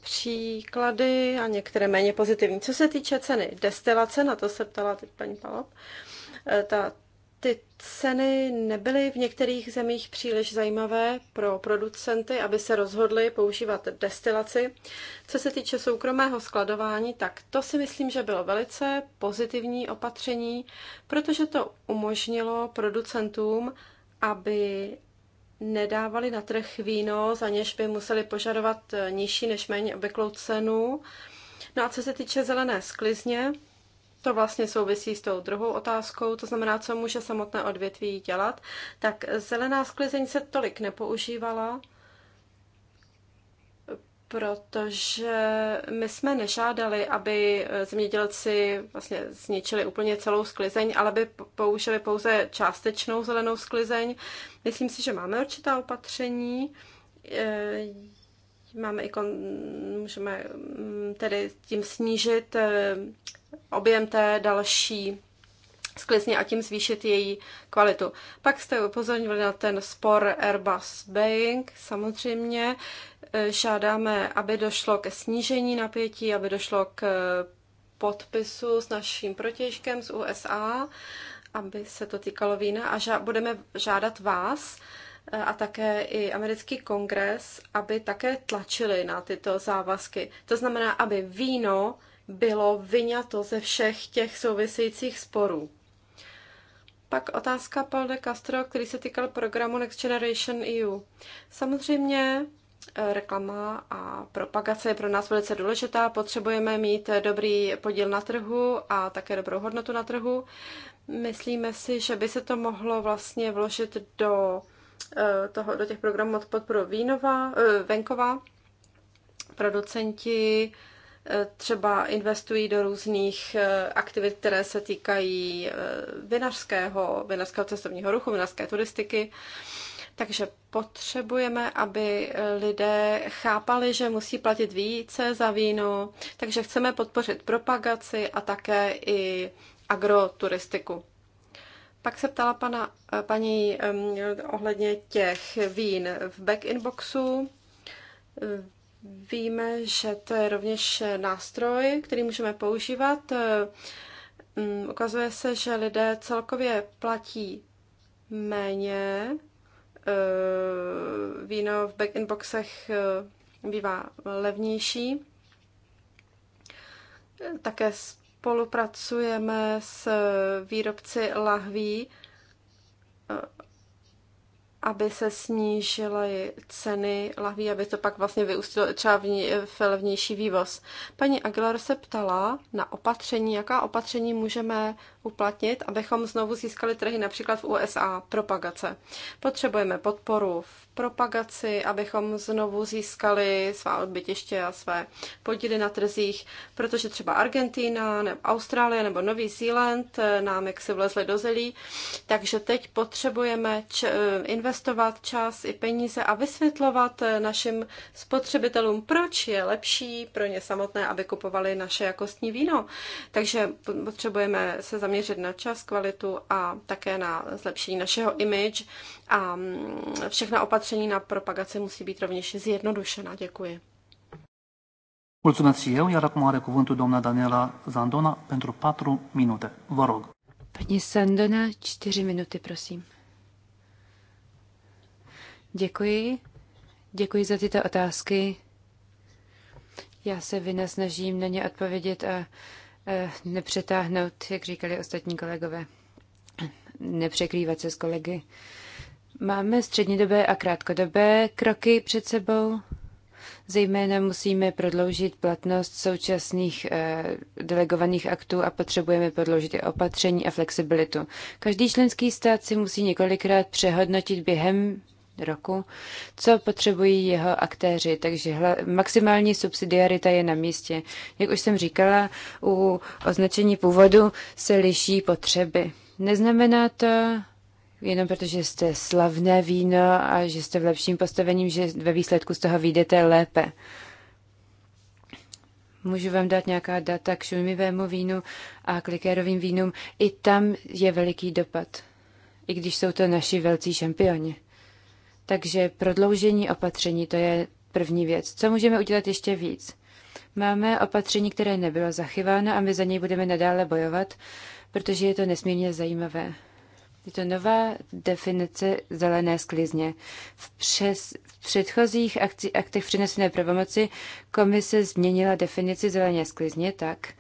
příklady a některé méně pozitivní. Co se týče ceny destilace, na to se ptala teď paní Palop, e, ta ty ceny nebyly v některých zemích příliš zajímavé pro producenty, aby se rozhodli používat destilaci. Co se týče soukromého skladování, tak to si myslím, že bylo velice pozitivní opatření, protože to umožnilo producentům, aby nedávali na trh víno, za něž by museli požadovat nižší než méně obvyklou cenu. No a co se týče zelené sklizně, to vlastně souvisí s tou druhou otázkou, to znamená, co může samotné odvětví dělat. Tak zelená sklizeň se tolik nepoužívala, protože my jsme nežádali, aby zemědělci vlastně zničili úplně celou sklizeň, ale by použili pouze částečnou zelenou sklizeň. Myslím si, že máme určitá opatření e, Máme i kon, můžeme mm, tedy tím snížit eh, objem té další sklizně a tím zvýšit její kvalitu. Pak jste upozornili na ten spor Airbus Boeing. Samozřejmě eh, žádáme, aby došlo ke snížení napětí, aby došlo k eh, podpisu s naším protěžkem z USA, aby se to týkalo vína a ža- budeme žádat vás, Eh, a také i americký kongres, aby také tlačili na tyto závazky. To znamená, aby víno bylo vyňato ze všech těch souvisejících sporů. Pak otázka Paul de Castro, který se týkal programu Next Generation EU. Samozřejmě eh, reklama a propagace je pro nás velice důležitá. Potřebujeme mít dobrý podíl na trhu a také dobrou hodnotu na trhu. Myslíme si, že by se to mohlo vlastně vložit do Eh, toho, do těch programů od podporu vínova, eh, venkova. Producenti eh, třeba investují do různých aktivit, které se týkají vinařského, vinařského cestovního ruchu, vinařské turistiky. Takže potřebujeme, aby lidé chápali, že musí platit více za víno, takže chceme podpořit propagaci a také i agroturistiku. Pak se ptala pana, eh, paní um, ohledně těch vín v back-in boxu. Eh, víme, že to je rovněž nástroj, který můžeme používat. Eh, mm, ukazuje se, že lidé celkově platí méně. Víno v back-in boxech bývá levnější. Také spolupracujeme s výrobci lahví, aby se snížily ceny lahví, aby to pak vlastně vyústilo třeba v, v levnější vývoz. Paní Aguilar se ptala na opatření, jaká opatření můžeme uplatnit, abychom znovu získali trhy například v USA, propagace. Potřebujeme podporu v propagaci, abychom znovu získali svá odbytiště a své podíly na trzích, protože třeba Argentína, nebo Austrálie nebo Nový Zéland eh, nám jak si do zelí, takže teď potřebujeme eh, investovat čas i peníze a vysvětlovat eh, našim spotřebitelům, proč je lepší pro ně samotné, aby kupovali naše jakostní víno. Takže potřebujeme se zaměřit zaměřit na čas, kvalitu a také na zlepšení našeho image a mm, všechna opatření na propagaci musí být rovněž zjednodušena. Děkuji. Mulțumesc și eu, iar acum are cuvântul doamna Daniela Zandona pentru 4 minute. Vă rog. Pani Sandona, 4 minuty, prosím. Děkuji. Děkuji za tyto otázky. Já se vynasnažím na ně odpovědět a Eh, nepřetáhnout, jak říkali ostatní kolegové, nepřekrývat se s kolegy. Máme střednědobé a krátkodobé kroky před sebou. Zejména musíme prodloužit platnost současných eh, delegovaných aktů a potřebujeme prodloužit i opatření a flexibilitu. Každý členský stát si musí několikrát přehodnotit během roku, co potřebují jeho aktéři. Takže hla, maximální subsidiarita je na místě. Jak už jsem říkala, u označení původu se liší potřeby. Neznamená to, jenom protože jste slavné víno a že jste v lepším postavením, že ve výsledku z toho vyjdete lépe. Můžu vám dát nějaká data k šumivému vínu a klikérovým vínům. I tam je veliký dopad, i když jsou to naši velcí šampioni. Takže prodloužení opatření, to je první věc. Co můžeme udělat ještě víc? Máme opatření, které nebylo zachyváno a my za něj budeme nadále bojovat, protože je to nesmírně zajímavé. Je to nová definice zelené sklizně. V, přes, v předchozích akci, aktech přinesené pravomoci komise změnila definici zelené sklizně tak,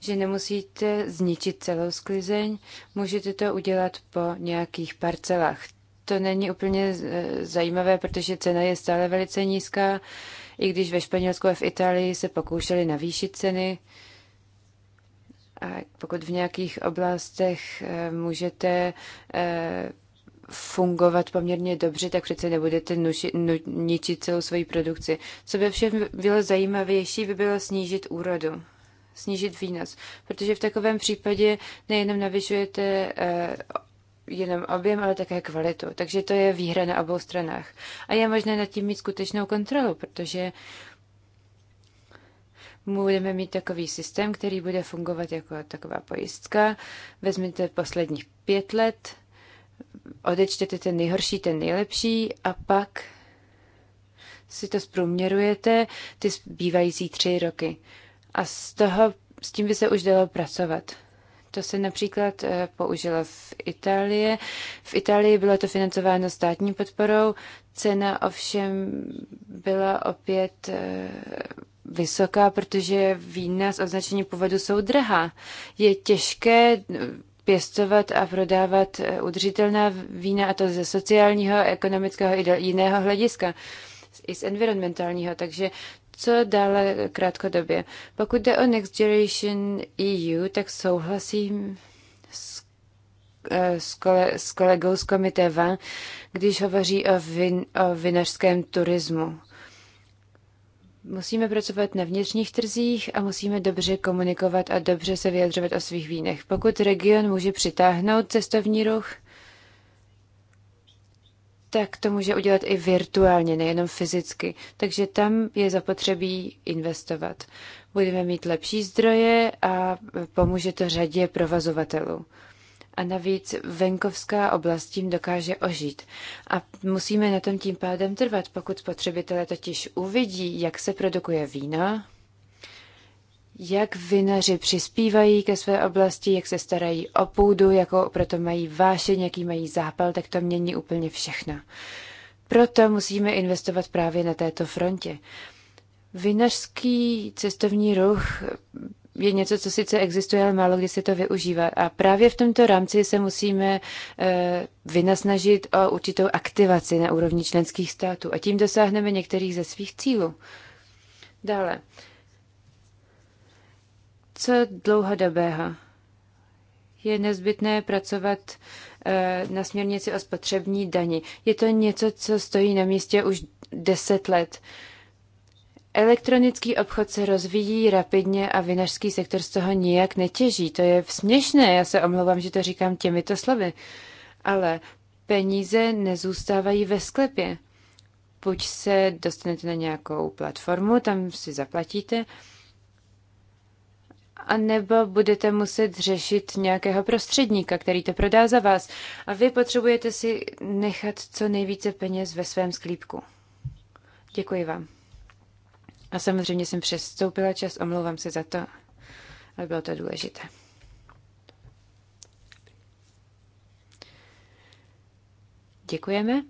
že nemusíte zničit celou sklizeň, můžete to udělat po nějakých parcelách to není úplně eh, zajímavé, protože cena je stále velice nízká, i když ve Španělsku a v Itálii se pokoušeli navýšit ceny. A pokud v nějakých oblastech eh, můžete eh, fungovat poměrně dobře, tak přece nebudete ničit celou svoji produkci. Co by všem bylo zajímavější, by bylo snížit úrodu, snížit výnos, protože v takovém případě nejenom navyšujete jenom objem, ale také kvalitu. Takže to je výhra na obou stranách. A je možné nad tím mít skutečnou kontrolu, protože budeme mít takový systém, který bude fungovat jako taková pojistka. Vezměte posledních pět let, odečtete ten nejhorší, ten nejlepší a pak si to zprůměrujete ty zbývající tři roky. A z toho, s tím by se už dalo pracovat. To se například eh, použilo v Itálii. V Itálii bylo to financováno státní podporou, cena ovšem byla opět eh, vysoká, protože vína s označením původu jsou drahá. Je těžké eh, pěstovat a prodávat udržitelná vína, a to ze sociálního, ekonomického i jiného hlediska, i z environmentálního. Takže co dále krátkodobě. Pokud jde o Next Generation EU, tak souhlasím s, eh, s, kole, s kolegou z komité VAN, když hovoří o, vin, o vinařském turismu. Musíme pracovat na vnitřních trzích a musíme dobře komunikovat a dobře se vyjadřovat o svých vínech. Pokud region může přitáhnout cestovní ruch, tak to může udělat i virtuálně, nejenom fyzicky. Takže tam je zapotřebí investovat. Budeme mít lepší zdroje a pomůže to řadě provazovatelů. A navíc venkovská oblast tím dokáže ožít. A musíme na tom tím pádem trvat, pokud spotřebitelé totiž uvidí, jak se produkuje vína, jak vinaři přispívají ke své oblasti, jak se starají o půdu, jakou proto mají vášeň, jaký mají zápal, tak to mění úplně všechno. Proto musíme investovat právě na této frontě. Vinařský cestovní ruch je něco, co sice existuje, ale málo kdy se to využívá. A právě v tomto rámci se musíme eh, vynasnažit o určitou aktivaci na úrovni členských států a tím dosáhneme některých ze svých cílů. Dále, rámce dlouhodobého je nezbytné pracovat eh, na směrnici o spotřební dani. Je to něco, co stojí na místě už deset let. Elektronický obchod se rozvíjí rapidně a vinařský sektor z toho nijak netěží. To je směšné, já se omlouvám, že to říkám těmito slovy. Ale peníze nezůstávají ve sklepě. Buď se dostanete na nějakou platformu, tam si zaplatíte, a nebo budete muset řešit nějakého prostředníka, který to prodá za vás. A vy potřebujete si nechat co nejvíce peněz ve svém sklípku. Děkuji vám. A samozřejmě jsem přestoupila čas, omlouvám se za to, ale bylo to důležité. Děkujeme.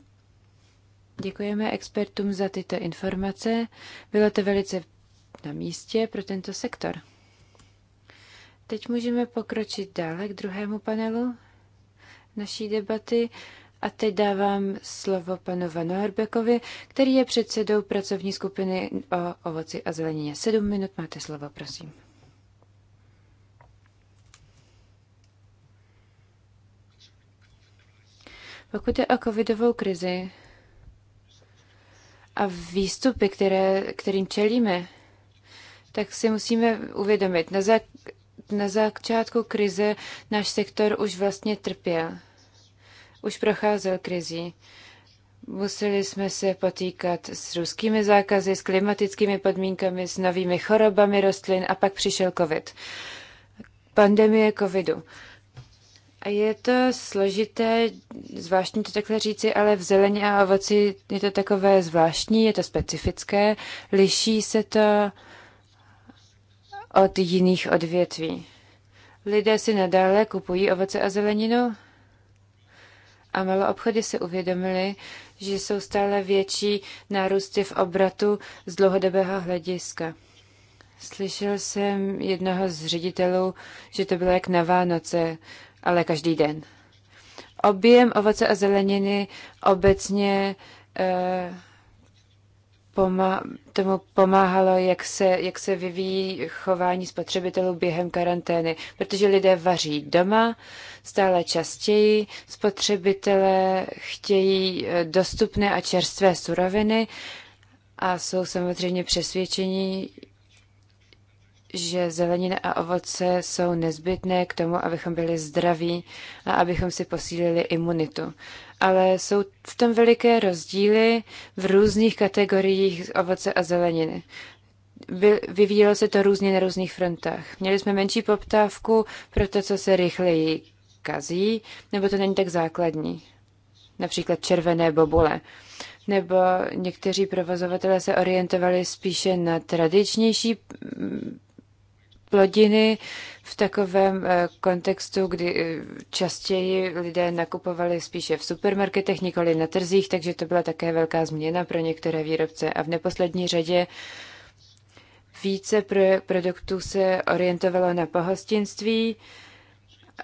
Děkujeme expertům za tyto informace. Bylo to velice na místě pro tento sektor. Teď můžeme pokročit dále k druhému panelu naší debaty. A teď dávám slovo panu Vanu Herbekovi, který je předsedou pracovní skupiny o ovoci a zelenině. Sedm minut máte slovo, prosím. Pokud je o covidovou krizi a výstupy, které, kterým čelíme, tak si musíme uvědomit, na, zá, na začátku krize náš sektor už vlastně trpěl. Už procházel krizí. Museli jsme se potýkat s ruskými zákazy, s klimatickými podmínkami, s novými chorobami rostlin a pak přišel covid. Pandemie covidu. A je to složité, zvláštní to takhle říci, ale v zeleni a ovoci je to takové zvláštní, je to specifické, liší se to od jiných odvětví. Lidé si nadále kupují ovoce a zeleninu a maloobchody se uvědomili, že jsou stále větší nárůsty v obratu z dlouhodobého hlediska. Slyšel jsem jednoho z ředitelů, že to bylo jak na Vánoce, ale každý den. Objem ovoce a zeleniny obecně eh, pomá- tomu pomáhalo, jak se, jak se vyvíjí chování spotřebitelů během karantény, protože lidé vaří doma stále častěji, spotřebitelé chtějí eh, dostupné a čerstvé suroviny a jsou samozřejmě přesvědčení, že zelenina a ovoce jsou nezbytné k tomu, abychom byli zdraví a abychom si posílili imunitu ale jsou v tom veliké rozdíly v různých kategoriích ovoce a zeleniny vyvíjelo se to různě na různých frontách. Měli jsme menší poptávku pro to, co se rychleji kazí, nebo to není tak základní. Například červené bobule. Nebo někteří provozovatelé se orientovali spíše na tradičnější plodiny v takovém eh, kontextu, kdy eh, častěji lidé nakupovali spíše v supermarketech, nikoli na trzích, takže to byla také velká změna pro některé výrobce. A v neposlední řadě více produktů se orientovalo na pohostinství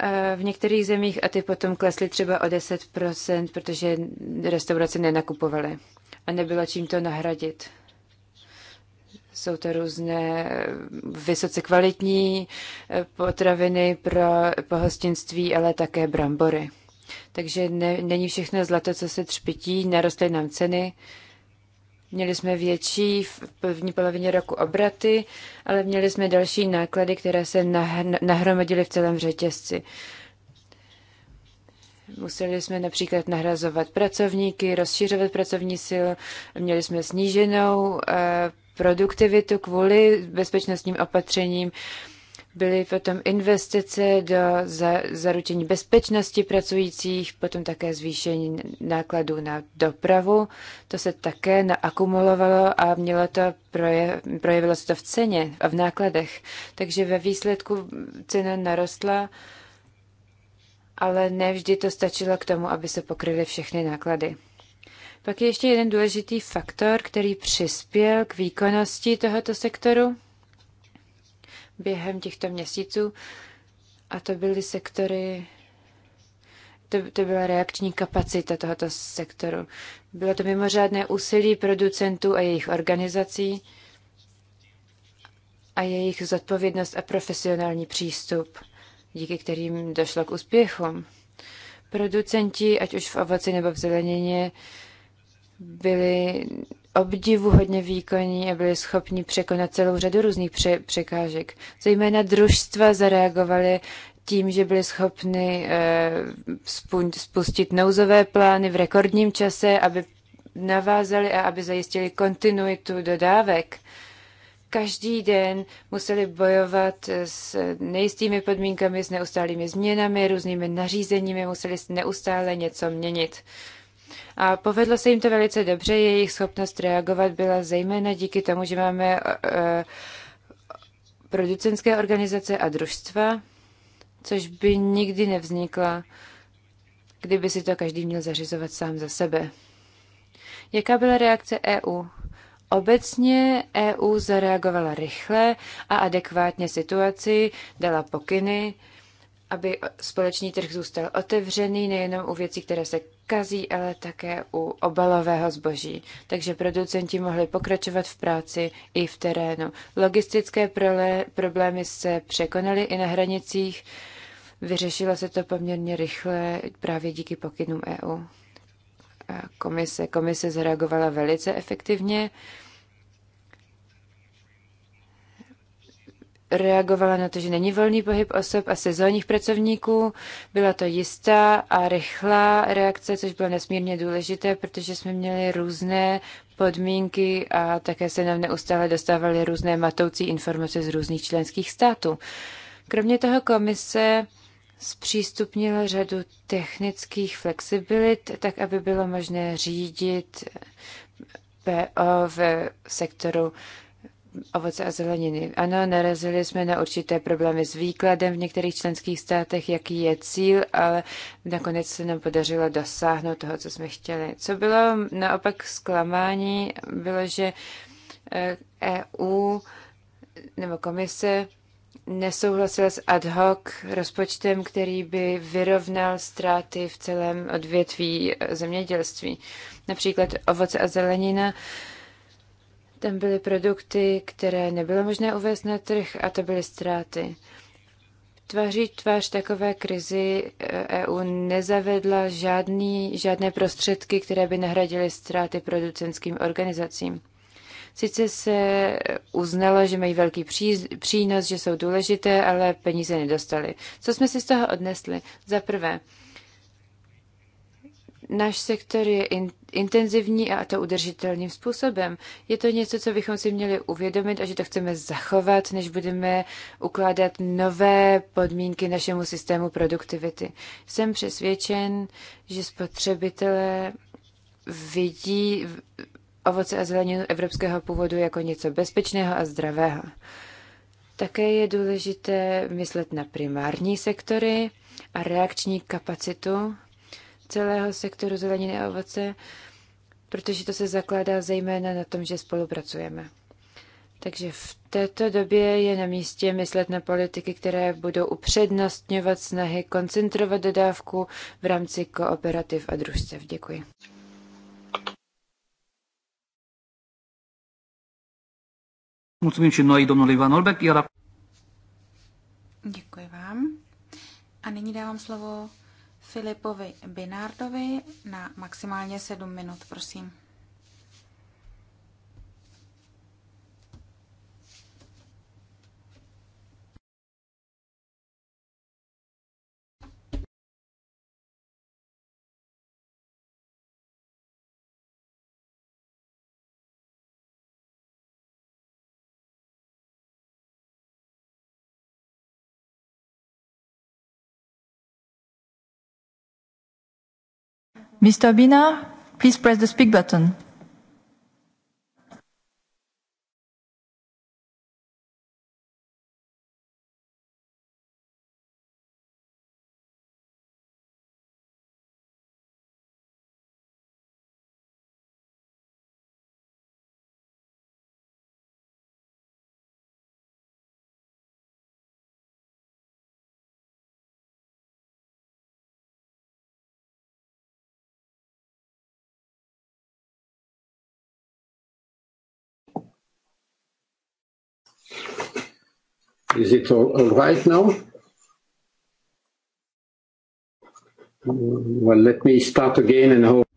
eh, v některých zemích a ty potom klesly třeba o 10%, protože restaurace nenakupovaly a nebylo čím to nahradit. Jsou to různé eh, vysoce kvalitní eh, potraviny pro pohostinství, ale také brambory. Takže ne, není všechno zlato, co se třpití, narostly nám ceny. Měli jsme větší v první polovině roku obraty, ale měli jsme další náklady, které se nahromadily v celém řetězci. Museli jsme například nahrazovat pracovníky, rozšiřovat pracovní sil, měli jsme sníženou eh, produktivitu kvůli bezpečnostním opatřením. Byly potom investice do za, zaručení bezpečnosti pracujících, potom také zvýšení nákladů na dopravu. To se také naakumulovalo a mělo to proje, projevilo se to v ceně a v nákladech. Takže ve výsledku cena narostla, ale nevždy to stačilo k tomu, aby se pokryly všechny náklady. Pak je ještě jeden důležitý faktor, který přispěl k výkonnosti tohoto sektoru během těchto měsíců, a to byly sektory, to, to byla reakční kapacita tohoto sektoru. Bylo to mimořádné úsilí producentů a jejich organizací a jejich zodpovědnost a profesionální přístup, díky kterým došlo k úspěchům. Producenti, ať už v ovoci nebo v zelenině, byli obdivu hodně výkonní a byli schopni překonat celou řadu různých pře- překážek. Zejména družstva zareagovaly tím, že byli schopni eh, spustit nouzové plány v rekordním čase, aby navázali a aby zajistili kontinuitu dodávek. Každý den museli bojovat s nejistými podmínkami, s neustálými změnami, různými nařízeními, museli neustále něco měnit. A povedlo se jim to velice dobře, jejich schopnost reagovat byla zejména díky tomu, že máme e, e, producentské organizace a družstva, což by nikdy nevznikla, kdyby si to každý měl zařizovat sám za sebe. Jaká byla reakce EU? Obecně EU zareagovala rychle a adekvátně situaci, dala pokyny, aby společný trh zůstal otevřený nejenom u věcí, které se kazí, ale také u obalového zboží. Takže producenti mohli pokračovat v práci i v terénu. Logistické problémy se překonaly i na hranicích. Vyřešilo se to poměrně rychle právě díky pokynům EU. komise. komise zareagovala velice efektivně. reagovala na to, že není volný pohyb osob a sezónních pracovníků. Byla to jistá a rychlá reakce, což bylo nesmírně důležité, protože jsme měli různé podmínky a také se nám neustále dostávaly různé matoucí informace z různých členských států. Kromě toho komise zpřístupnila řadu technických flexibilit, tak aby bylo možné řídit PO v sektoru ovoce a zeleniny. Ano, narazili jsme na určité problémy s výkladem v některých členských státech, jaký je cíl, ale nakonec se nám podařilo dosáhnout toho, co jsme chtěli. Co bylo naopak zklamání, bylo, že EU eh, e nebo komise nesouhlasila s ad hoc rozpočtem, který by vyrovnal ztráty v celém odvětví zemědělství. Například ovoce a zelenina tam byly produkty, které nebylo možné uvést na trh a to byly ztráty. Tváří tvář takové krizi EU eh, e nezavedla žádný, žádné prostředky, které by nahradily ztráty producentským organizacím. Sice se uznalo, že mají velký přínos, že jsou důležité, ale peníze nedostali. Co jsme si z toho odnesli? Za prvé, Náš sektor je in, intenzivní a to udržitelným způsobem. Je to něco, co bychom si měli uvědomit a že to chceme zachovat, než budeme ukládat nové podmínky našemu systému produktivity. Jsem přesvědčen, že spotřebitelé vidí ovoce a zeleninu evropského původu jako něco bezpečného a zdravého. Také je důležité myslet na primární sektory a reakční kapacitu celého sektoru zeleniny a ovoce, protože to se zakládá zejména na tom, že spolupracujeme. Takže v této době je na místě myslet na politiky, které budou upřednostňovat snahy koncentrovat dodávku v rámci kooperativ a družstev. Děkuji. Děkuji vám. A nyní dávám slovo Filipovi Binardovi na maximálně 7 minut, prosím. Mr. Bina, please press the speak button. Is it all, all right now? Mm, well, let me start again and hope.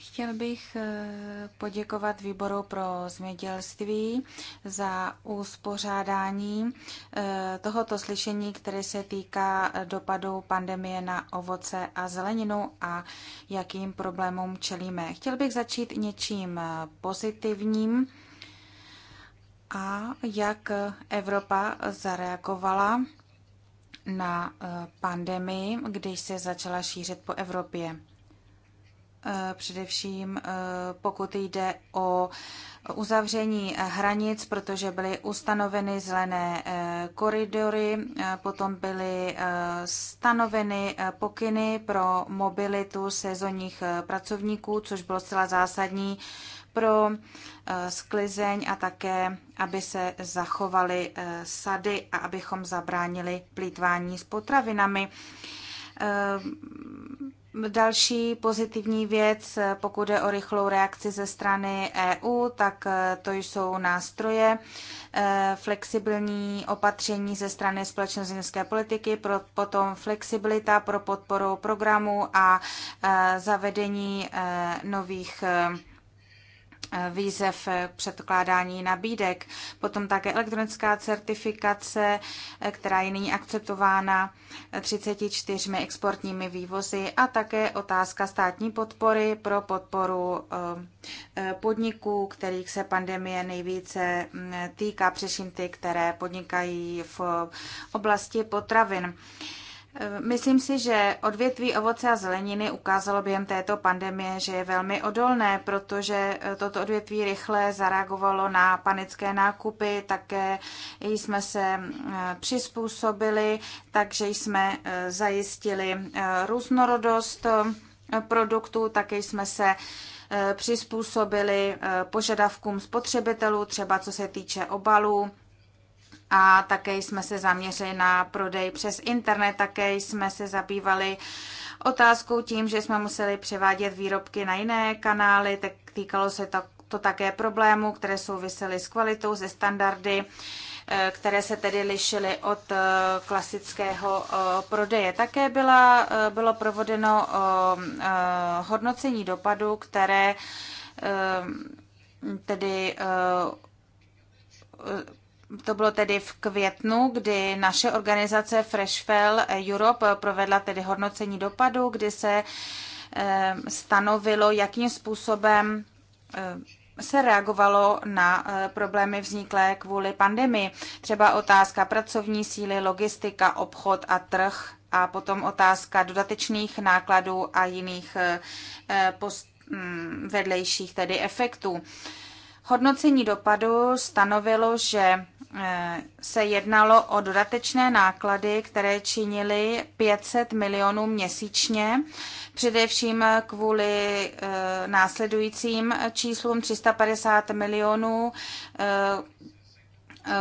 Chtěl bych eh, poděkovat výboru pro zemědělství za uspořádání eh, tohoto slyšení, které se týká eh, dopadu pandemie na ovoce a zeleninu a jakým problémům čelíme. Chtěl bych začít něčím pozitivním a jak Evropa zareagovala na eh, pandemii, když se začala šířit po Evropě. Eh, především eh, pokud jde o uzavření hranic, protože byly ustanoveny zelené koridory, potom byly stanoveny pokyny pro mobilitu sezónních pracovníků, což bylo zcela zásadní pro Eh, sklizeň a také, aby se zachovaly eh, sady a abychom zabránili plítvání s potravinami. Eh, další pozitivní věc, pokud je o rychlou reakci ze strany EU, tak to jsou nástroje, flexibilní opatření ze strany společné politiky, pro, potom flexibilita pro podporu programu a zavedení nových výzev předkládání nabídek, potom také elektronická certifikace, eh, která je nyní akceptována 34 exportními vývozy a také otázka státní podpory pro podporu eh, eh, podniků, kterých se pandemie nejvíce mm, týká, především ty, které podnikají v oblasti potravin. Myslím si, že odvětví ovoce a zeleniny ukázalo během této pandemie, že je velmi odolné, protože toto odvětví rychle zareagovalo na panické nákupy, také jsme se eh, přizpůsobili, takže jsme eh, zajistili eh, různorodost produktů, také jsme se přizpůsobili požadavkům spotřebitelů, třeba co se týče obalů a také jsme se zaměřili na prodej přes internet, také jsme se zabývali otázkou tím, že jsme museli převádět výrobky na jiné kanály, tak týkalo se to, to také problémů, které souvisely s kvalitou, ze standardy, eh, které se tedy lišily od eh, klasického eh, prodeje. Také byla, bylo provodeno hodnocení dopadu, které tedy to bylo tedy v květnu, kdy naše organizace Freshfell Europe provedla tedy hodnocení dopadu, kdy se eh, stanovilo, jakým způsobem eh, se reagovalo na eh, problémy vzniklé kvůli pandemii. Třeba otázka pracovní síly, logistika, obchod a trh a potom otázka dodatečných nákladů a jiných post, mm, vedlejších tedy efektů. Hodnocení dopadu stanovilo, že Eh, se jednalo o dodatečné náklady, které činily 500 milionů měsíčně, především kvůli eh, následujícím číslům 350 milionů, eh,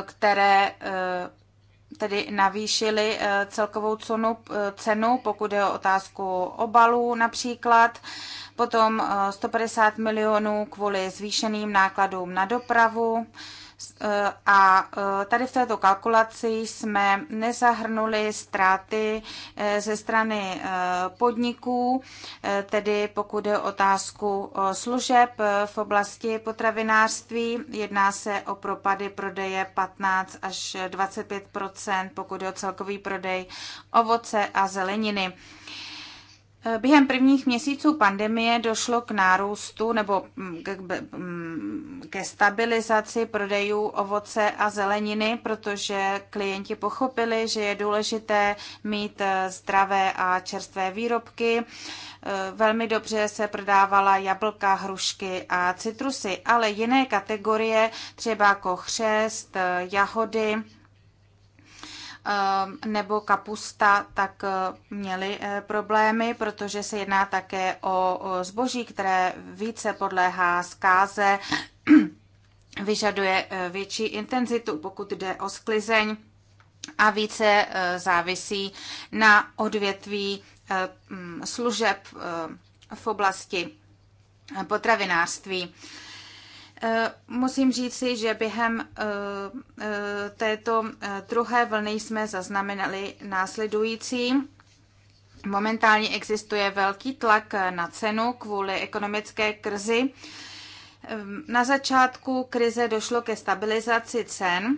které tedy navýšily celkovou cenu, cenu, pokud je o otázku obalů například, potom 150 milionů kvůli zvýšeným nákladům na dopravu, Eh, a eh, tady v této kalkulaci jsme nezahrnuli ztráty eh, ze strany podniků, tedy pokud je otázku služeb v oblasti potravinářství, jedná se o propady prodeje 15 až 25 pokud je o celkový prodej ovoce a zeleniny. Během prvních měsíců pandemie došlo k nárůstu nebo mm, mm, ke stabilizaci prodejů ovoce a zeleniny, protože klienti pochopili, že je důležité mít eh, zdravé a čerstvé výrobky. Eh, velmi dobře se prodávala jablka, hrušky a citrusy, ale jiné kategorie, třeba jako chřest, eh, jahody, nebo kapusta, tak eh, měly eh, problémy, protože se jedná také o zboží, které více podléhá zkáze, vyžaduje eh, větší intenzitu, pokud jde o sklizeň a více závisí na odvětví služeb v oblasti potravinářství. Eh, musím říci, že během eh, eh, této druhé vlny jsme zaznamenali následující. Momentálně existuje velký tlak na cenu kvůli ekonomické krizi. Ehm, na začátku krize došlo ke stabilizaci cen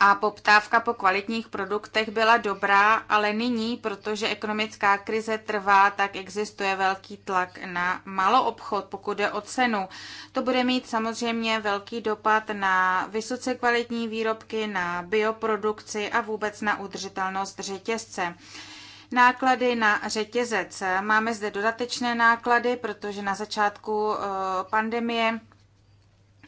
a poptávka po kvalitních produktech byla dobrá, ale nyní, protože ekonomická krize trvá, tak existuje velký tlak na maloobchod, pokud jde o cenu. To bude mít samozřejmě velký dopad na vysoce kvalitní výrobky, na bioprodukci a vůbec na udržitelnost řetězce. Náklady na řetězec. Máme zde dodatečné náklady, protože na začátku eh, pandemie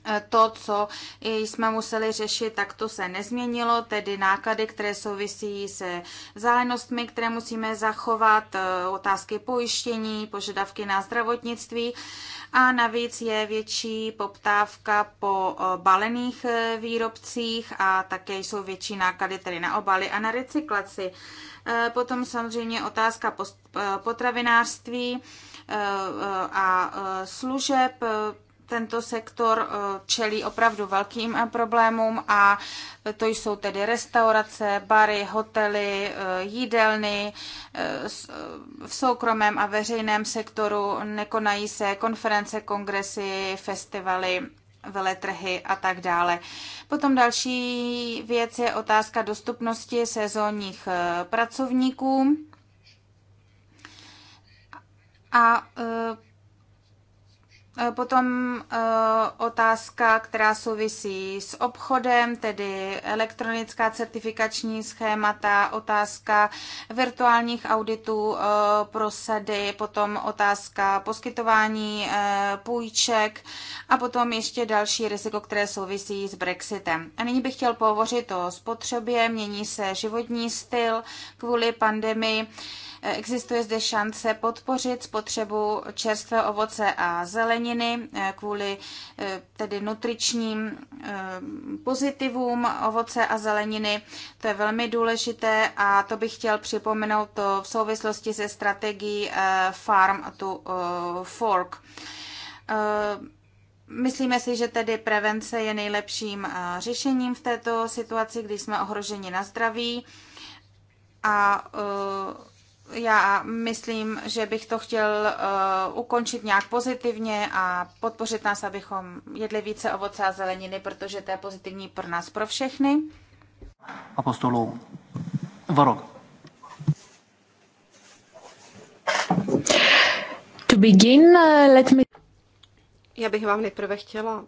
E, to, co jsme museli řešit, tak to se nezměnilo, tedy náklady, které souvisí se zájemnostmi, které musíme zachovat, e, otázky pojištění, požadavky na zdravotnictví a navíc je větší poptávka po e, balených výrobcích a také jsou větší náklady tedy na obaly a na recyklaci. Potom samozřejmě otázka potravinářství a služeb, tento sektor eh, čelí opravdu velkým eh, problémům a eh, to jsou tedy restaurace, bary, hotely, jídelny. V soukromém a veřejném sektoru nekonají se konference, kongresy, festivaly veletrhy a tak dále. Potom další věc je otázka dostupnosti sezónních pracovníků. A Eh, potom eh, otázka, která souvisí s obchodem, tedy elektronická certifikační schémata, otázka virtuálních auditů eh, pro sedy, potom otázka poskytování půjček a potom ještě další riziko, které souvisí s Brexitem. A nyní bych chtěl pohovořit o spotřebě, mění se životní styl kvůli pandemii Eh, existuje zde šance podpořit spotřebu čerstvého ovoce a zeleniny eh, kvůli eh, tedy nutričním pozitivům ovoce a zeleniny. To je velmi důležité a to bych chtěl připomenout to v souvislosti se strategií Farm to Fork. Myslíme si, že tedy prevence je nejlepším řešením v této situaci, kdy jsme ohroženi na zdraví a uh, já myslím, že bych to chtěl uh, ukončit nějak pozitivně a podpořit nás, abychom jedli více ovoce a zeleniny, protože to je pozitivní pro nás, pro všechny. Apostolou Varok. To begin, uh, let me... Já bych vám nejprve chtěla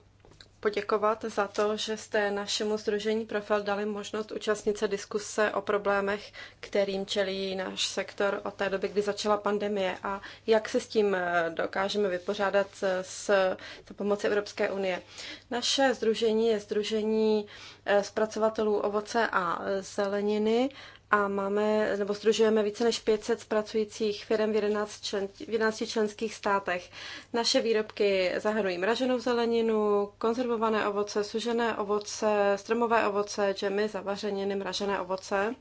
poděkovat za to, že jste našemu združení Profil dali možnost účastnit se diskuse o problémech, kterým čelí náš sektor od té doby, kdy začala pandemie a jak se s tím eh, dokážeme vypořádat eh, s, s pomocí Evropské unie. Naše združení je združení eh, zpracovatelů ovoce a zeleniny a máme, nebo združujeme více než 500 pracujících firm v 11, člen, v 11 členských státech. Naše výrobky zahrnují mraženou zeleninu, konzervované ovoce, sužené ovoce, stromové ovoce, džemy, zavařeniny, mražené ovoce.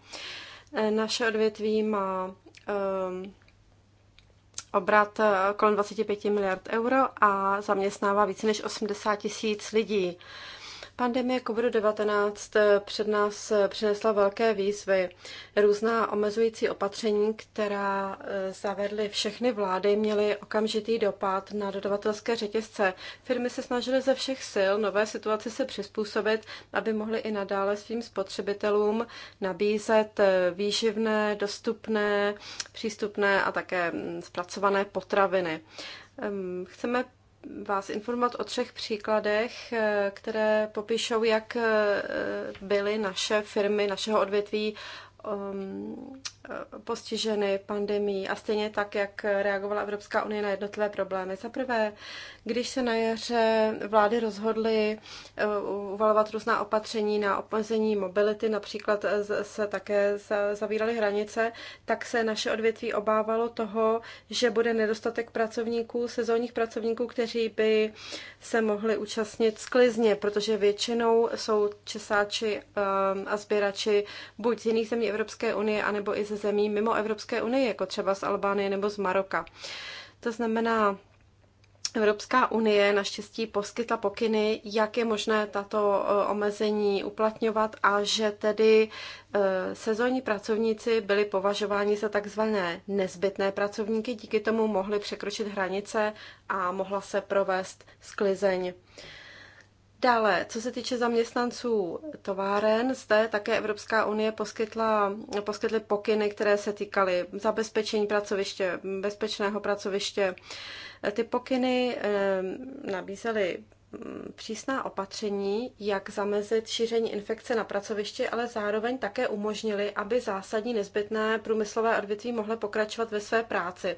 E, naše odvětví má um, obrat e, kolem 25 miliard euro a zaměstnává více než 80 tisíc lidí. Pandemie COVID-19 eh, před nás eh, přinesla velké výzvy. Různá omezující opatření, která eh, zavedly všechny vlády, měly okamžitý dopad na dodavatelské řetězce. Firmy se snažily ze všech sil nové situaci se přizpůsobit, aby mohly i nadále svým spotřebitelům nabízet výživné, dostupné, přístupné a také hm, zpracované potraviny. Ehm, chceme vás informovat o třech příkladech, eh, které popíšou, jak eh, byly naše firmy, našeho odvětví um, postiženy pandemí a stejně tak, jak reagovala Evropská unie na jednotlivé problémy. Za prvé, když se na jaře vlády rozhodly uh, uvalovat různá opatření na opomezení mobility, například se také zavíraly hranice, tak se naše odvětví obávalo toho, že bude nedostatek pracovníků, sezónních pracovníků, kteří by se mohli účastnit sklizně, protože většinou jsou česáči um, a sběrači buď z jiných zemí Evropské unie anebo i ze zemí mimo Evropské unie, jako třeba z Albánie nebo z Maroka. To znamená, Evropská unie naštěstí poskytla pokyny, jak je možné tato e, omezení uplatňovat a že tedy e, sezónní pracovníci byli považováni za takzvané nezbytné pracovníky, díky tomu mohli překročit hranice a mohla se provést sklizeň. Dále, co se týče zaměstnanců továren, zde také Evropská unie poskytla, poskytly pokyny, které se týkaly zabezpečení pracoviště, bezpečného pracoviště. Ty pokyny eh, nabízely mm, přísná opatření, jak zamezit šíření infekce na pracovišti, ale zároveň také umožnili, aby zásadní nezbytné průmyslové odvětví mohly pokračovat ve své práci.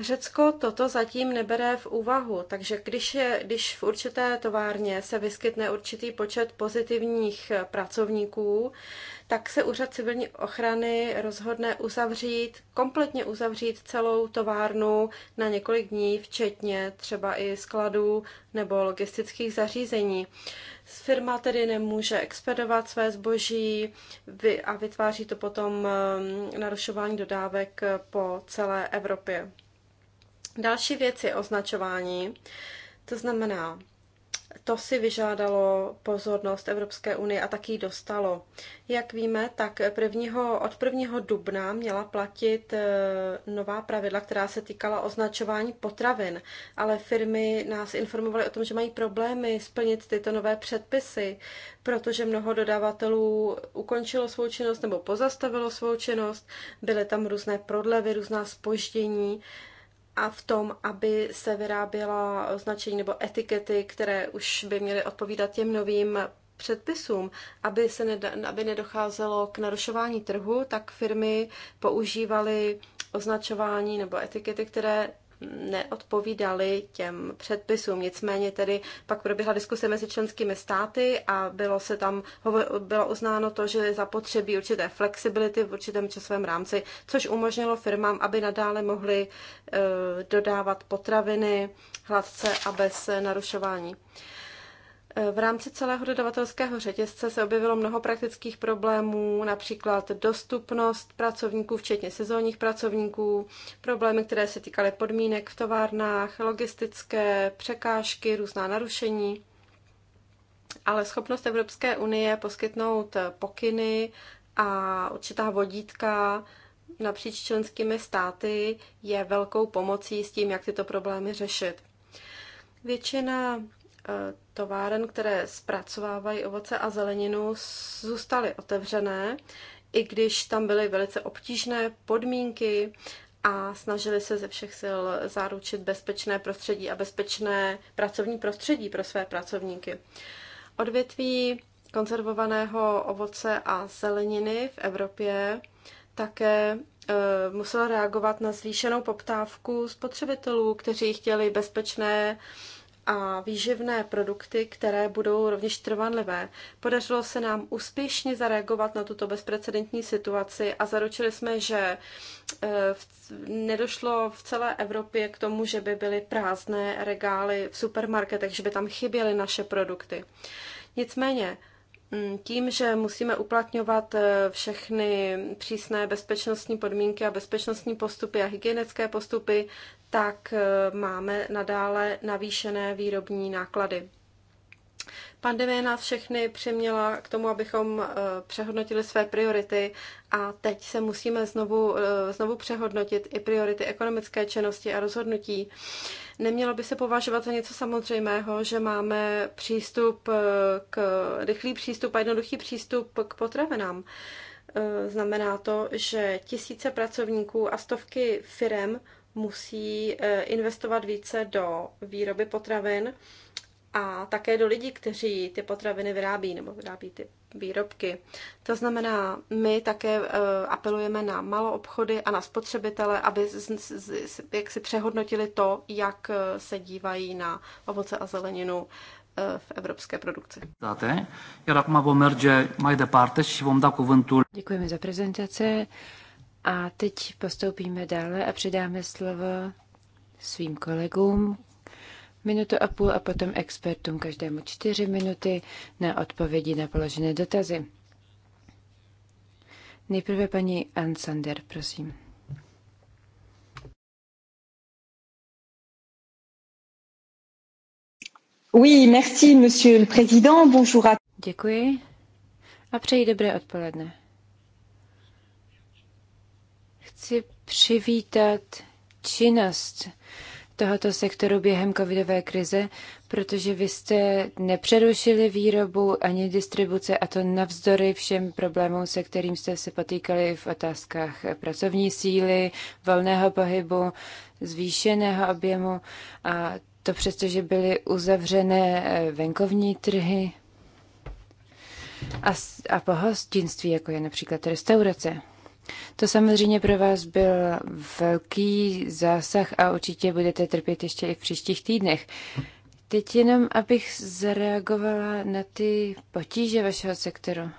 Řecko toto zatím nebere v úvahu, takže když, je, když v určité továrně se vyskytne určitý počet pozitivních pracovníků, tak se úřad civilní ochrany rozhodne uzavřít, kompletně uzavřít celou továrnu na několik dní, včetně třeba i skladů nebo logistických zařízení. Firma tedy nemůže expedovat své zboží a vytváří to potom ehm, narušování dodávek po celé Evropě. Další věc je označování. To znamená, to si vyžádalo pozornost Evropské unie a taky dostalo. Jak víme, tak prvního, od 1. dubna měla platit e, nová pravidla, která se týkala označování potravin, ale firmy nás informovaly o tom, že mají problémy splnit tyto nové předpisy, protože mnoho dodavatelů ukončilo svou činnost nebo pozastavilo svou činnost, byly tam různé prodlevy, různá spoždění a v tom, aby se vyráběla označení nebo etikety, které už by měly odpovídat těm novým předpisům, aby, se neda, aby nedocházelo k narušování trhu, tak firmy používaly označování nebo etikety, které neodpovídaly těm předpisům. Nicméně tedy pak proběhla diskuse mezi členskými státy a bylo se tam bylo uznáno to, že zapotřebí určité flexibility v určitém časovém rámci, což umožnilo firmám, aby nadále mohly eh, dodávat potraviny hladce a bez eh, narušování. V rámci celého dodavatelského řetězce se objevilo mnoho praktických problémů, například dostupnost pracovníků, včetně sezónních pracovníků, problémy, které se týkaly podmínek v továrnách, logistické překážky, různá narušení. Ale schopnost Evropské unie poskytnout pokyny a určitá vodítka napříč členskými státy je velkou pomocí s tím, jak tyto problémy řešit. Většina Eh, továren, které zpracovávají ovoce a zeleninu, zůstaly otevřené, i když tam byly velice obtížné podmínky a snažili se ze všech sil zaručit bezpečné prostředí a bezpečné pracovní prostředí pro své pracovníky. Odvětví konzervovaného ovoce a zeleniny v Evropě také eh, musel reagovat na zvýšenou poptávku spotřebitelů, kteří chtěli bezpečné a výživné produkty, které budou rovněž trvanlivé. Podařilo se nám úspěšně zareagovat na tuto bezprecedentní situaci a zaručili jsme, že eh, nedošlo v celé Evropě k tomu, že by byly prázdné regály v supermarketech, že by tam chyběly naše produkty. Nicméně Mm, tím, že musíme uplatňovat eh, všechny přísné bezpečnostní podmínky a bezpečnostní postupy a hygienické postupy, tak eh, máme nadále navýšené výrobní náklady. Pandemie nás všechny přiměla k tomu, abychom eh, přehodnotili své priority a teď se musíme znovu, eh, znovu přehodnotit i priority ekonomické činnosti a rozhodnutí. Nemělo by se považovat za něco samozřejmého, že máme přístup eh, k rychlý přístup a jednoduchý přístup k potravinám. Znamená to, že tisíce pracovníků a stovky firem musí investovat více do výroby potravin a také do lidí, kteří ty potraviny vyrábí nebo vyrábí ty výrobky. To znamená, my také eh, apelujeme na maloobchody a na spotřebitele, aby jak si přehodnotili to, jak eh, se dívají na ovoce a zeleninu eh, v evropské produkci. Děkujeme za prezentaci a teď postoupíme dále a předáme slovo svým kolegům, minutu a půl a potom expertům každému čtyři minuty na odpovědi na položené dotazy. Nejprve paní Ansander, prosím. Oui, merci, monsieur le président. Bonjour à... Děkuji a přeji dobré odpoledne. Chci přivítat činnost tohoto sektoru během covidové krize, protože vy jste nepřerušili výrobu ani distribuce a to navzdory všem problémům, se kterým jste se potýkali v otázkách pracovní síly, volného pohybu, zvýšeného objemu a to přesto, že byly uzavřené eh, venkovní trhy a, a pohostinství, jako je například restaurace. To samozřejmě pro vás byl velký zásah a určitě budete trpět ještě i v příštích týdnech. Teď jenom, abych zareagovala na ty potíže vašeho sektoru.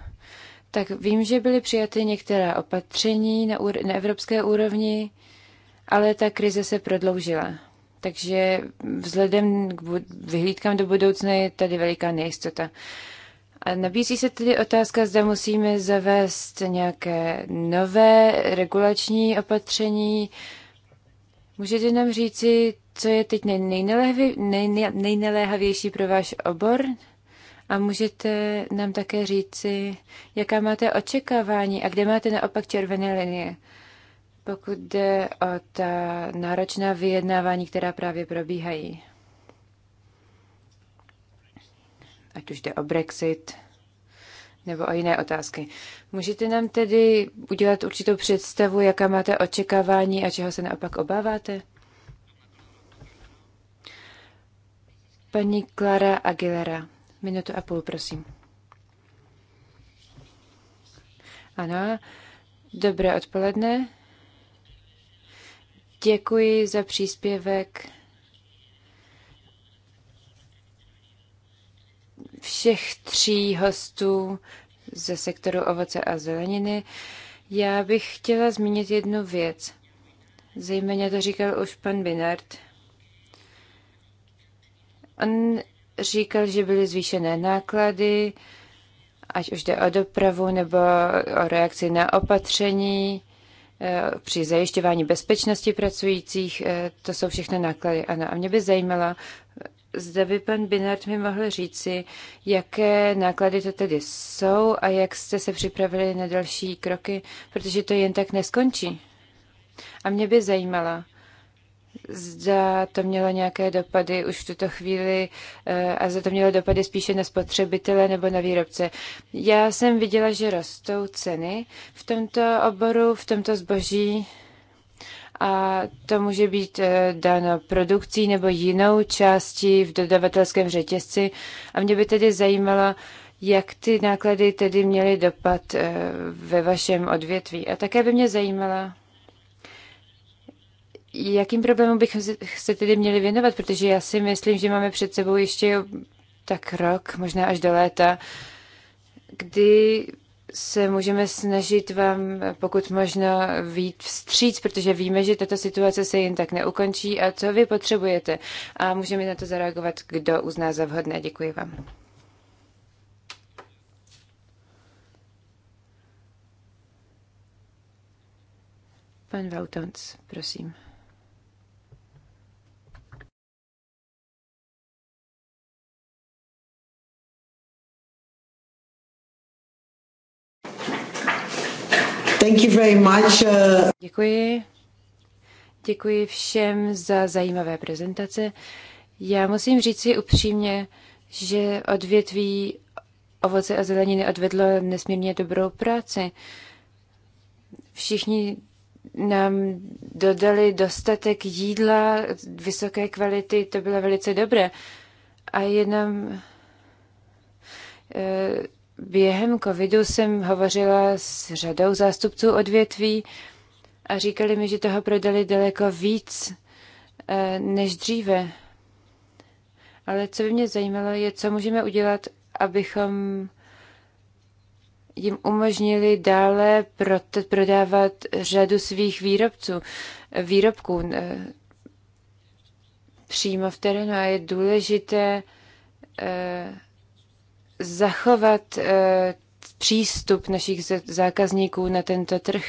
Tak vím, že byly přijaty některá opatření na, úr- na evropské úrovni, ale ta krize se prodloužila. Takže vzhledem k vyhlídkám do budoucna je tady veliká nejistota. A nabízí se tedy otázka, zda musíme zavést nějaké nové regulační opatření. Můžete nám říci, co je teď nejnelehavější pro váš obor? A můžete nám také říci, jaká máte očekávání a kde máte naopak červené linie, pokud jde o ta náročná vyjednávání, která právě probíhají. ať už jde o Brexit nebo o jiné otázky. Můžete nám tedy udělat určitou představu, jaká máte očekávání a čeho se naopak obáváte? Paní Klara Aguilera, minutu a půl, prosím. Ano, dobré odpoledne. Děkuji za příspěvek všech tří hostů ze sektoru ovoce a zeleniny. Já bych chtěla zmínit jednu věc. Zejména to říkal už pan Binard. On říkal, že byly zvýšené náklady, ať už jde o dopravu nebo o reakci na opatření eh, při zajišťování bezpečnosti pracujících, eh, to jsou všechno náklady. Ano, a mě by zajímalo, zda by pan Binard mi mohl říci, jaké náklady to tedy jsou a jak jste se připravili na další kroky, protože to jen tak neskončí. A mě by zajímala, zda to mělo nějaké dopady už v tuto chvíli eh, a zda to mělo dopady spíše na spotřebitele nebo na výrobce. Já jsem viděla, že rostou ceny v tomto oboru, v tomto zboží a to může být eh, dáno produkcí nebo jinou částí v dodavatelském řetězci. A mě by tedy zajímalo, jak ty náklady tedy měly dopad eh, ve vašem odvětví. A také by mě zajímalo, jakým problémům bychom se tedy měli věnovat, protože já si myslím, že máme před sebou ještě tak rok, možná až do léta, kdy se můžeme snažit vám pokud možno víc vstříc, protože víme, že tato situace se jen tak neukončí a co vy potřebujete. A můžeme na to zareagovat, kdo uzná za vhodné. Děkuji vám. Pan Vautonc, prosím. Thank you very much. Uh, Děkuji. Děkuji všem za zajímavé prezentace. Já musím říct si upřímně, že odvětví ovoce a zeleniny odvedlo nesmírně dobrou práci. Všichni nám dodali dostatek jídla vysoké kvality, to bylo velice dobré. A jenom eh, Během covidu jsem hovořila s řadou zástupců odvětví a říkali mi, že toho prodali daleko víc eh, než dříve. Ale co by mě zajímalo, je, co můžeme udělat, abychom jim umožnili dále prodávat řadu svých výrobců, výrobků eh, přímo v terénu a je důležité eh, zachovat eh, přístup našich zákazníků na tento trh.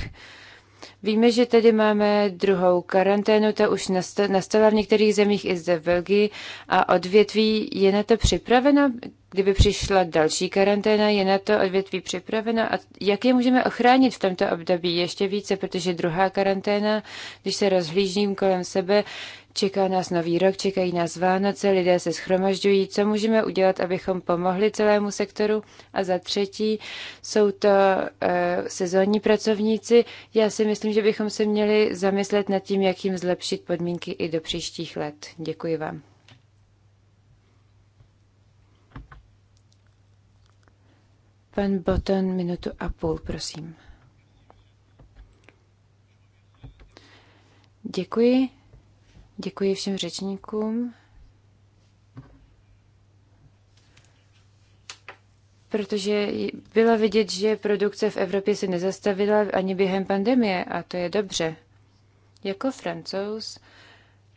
Víme, že tedy máme druhou karanténu, to už nastala v některých zemích i zde v Belgii a odvětví je na to připravena, kdyby přišla další karanténa, je na to odvětví připravena a jak je můžeme ochránit v tomto období ještě více, protože druhá karanténa, když se rozhlížím kolem sebe, Čeká nás nový rok, čekají nás Vánoce, lidé se schromažďují. Co můžeme udělat, abychom pomohli celému sektoru? A za třetí jsou to uh, sezónní pracovníci. Já si myslím, myslím, že bychom se měli zamyslet nad tím, jak jim zlepšit podmínky i do příštích let. Děkuji vám. Pan Boton, minutu a půl, prosím. Děkuji. Děkuji všem řečníkům. protože bylo vidět, že produkce v Evropě se nezastavila ani během pandemie a to je dobře. Jako francouz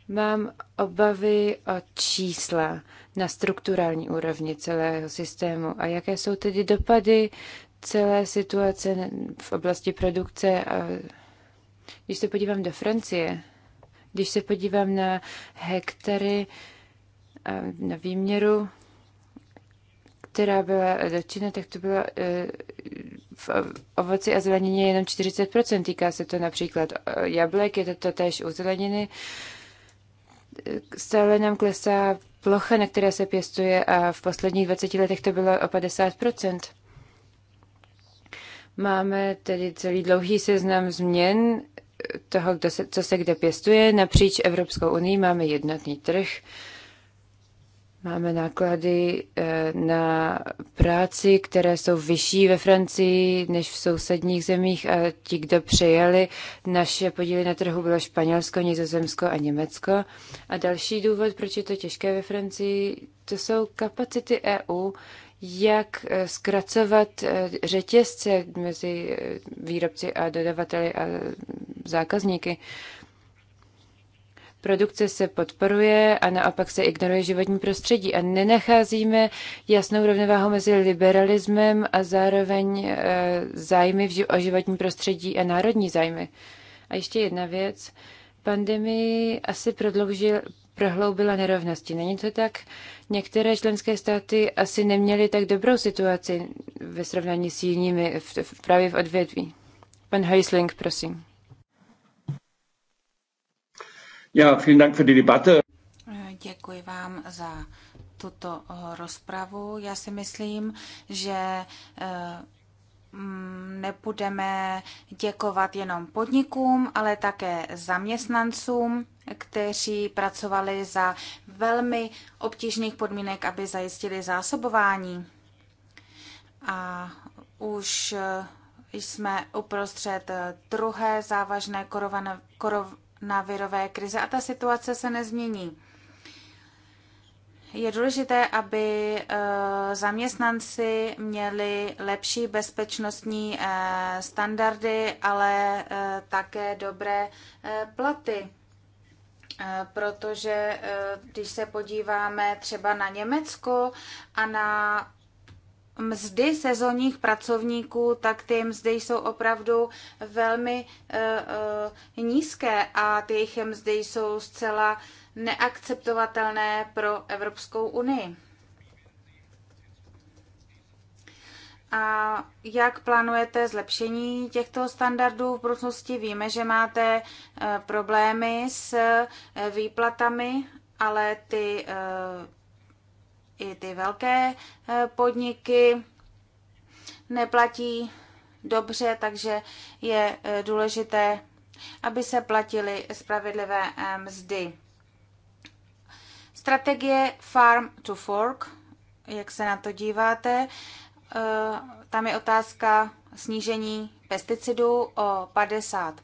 mám obavy o čísla na strukturální úrovni celého systému a jaké jsou tedy dopady celé situace v oblasti produkce. A když se podívám do Francie, když se podívám na hektary, na výměru, která byla dotčena, tak to bylo eh, v ovoci a zelenině jenom 40%. Týká se to například eh, jablek, je to to tež u zeleniny. Eh, stále nám klesá plocha, na které se pěstuje a v posledních 20 letech to bylo o 50%. Máme tedy celý dlouhý seznam změn toho, kdo se, co se kde pěstuje. Napříč Evropskou unii máme jednotný trh, Máme náklady eh, na práci, které jsou vyšší ve Francii než v sousedních zemích a ti, kdo přejeli naše podíly na trhu, bylo Španělsko, Nizozemsko a Německo. A další důvod, proč je to těžké ve Francii, to jsou kapacity EU, jak eh, zkracovat eh, řetězce mezi výrobci a dodavateli a zákazníky. Produkce se podporuje a naopak se ignoruje životní prostředí a nenacházíme jasnou rovnováhu mezi liberalismem a zároveň e, zájmy o životní prostředí a národní zájmy. A ještě jedna věc. Pandemii asi prodloužil, prohloubila nerovnosti. Není to tak? Některé členské státy asi neměly tak dobrou situaci ve srovnání s jinými v, v, právě v odvětví. Pan Heisling, prosím. Já vielen Dank für die Debatte. Děkuji vám za tuto eh, rozpravu. Já si myslím, že eh, nebudeme děkovat jenom podnikům, ale také zaměstnancům, kteří pracovali za velmi obtížných podmínek, aby zajistili zásobování. A už eh, jsme uprostřed druhé závažné na virové krize a ta situace se nezmění. Je důležité, aby eh, zaměstnanci měli lepší bezpečnostní eh, standardy, ale eh, také dobré platy. Protože když se podíváme třeba na Německo a na mzdy sezónních pracovníků, tak ty mzdy jsou opravdu velmi uh, nízké a ty jejich mzdy jsou zcela neakceptovatelné pro Evropskou unii. A jak plánujete zlepšení těchto standardů v budoucnosti? Víme, že máte eh, problémy s výplatami, ale ty i ty velké eh, podniky neplatí dobře, takže je eh, důležité, aby se platily spravedlivé eh, mzdy. Strategie Farm to Fork, jak se na to díváte, tam je otázka snížení pesticidů o 50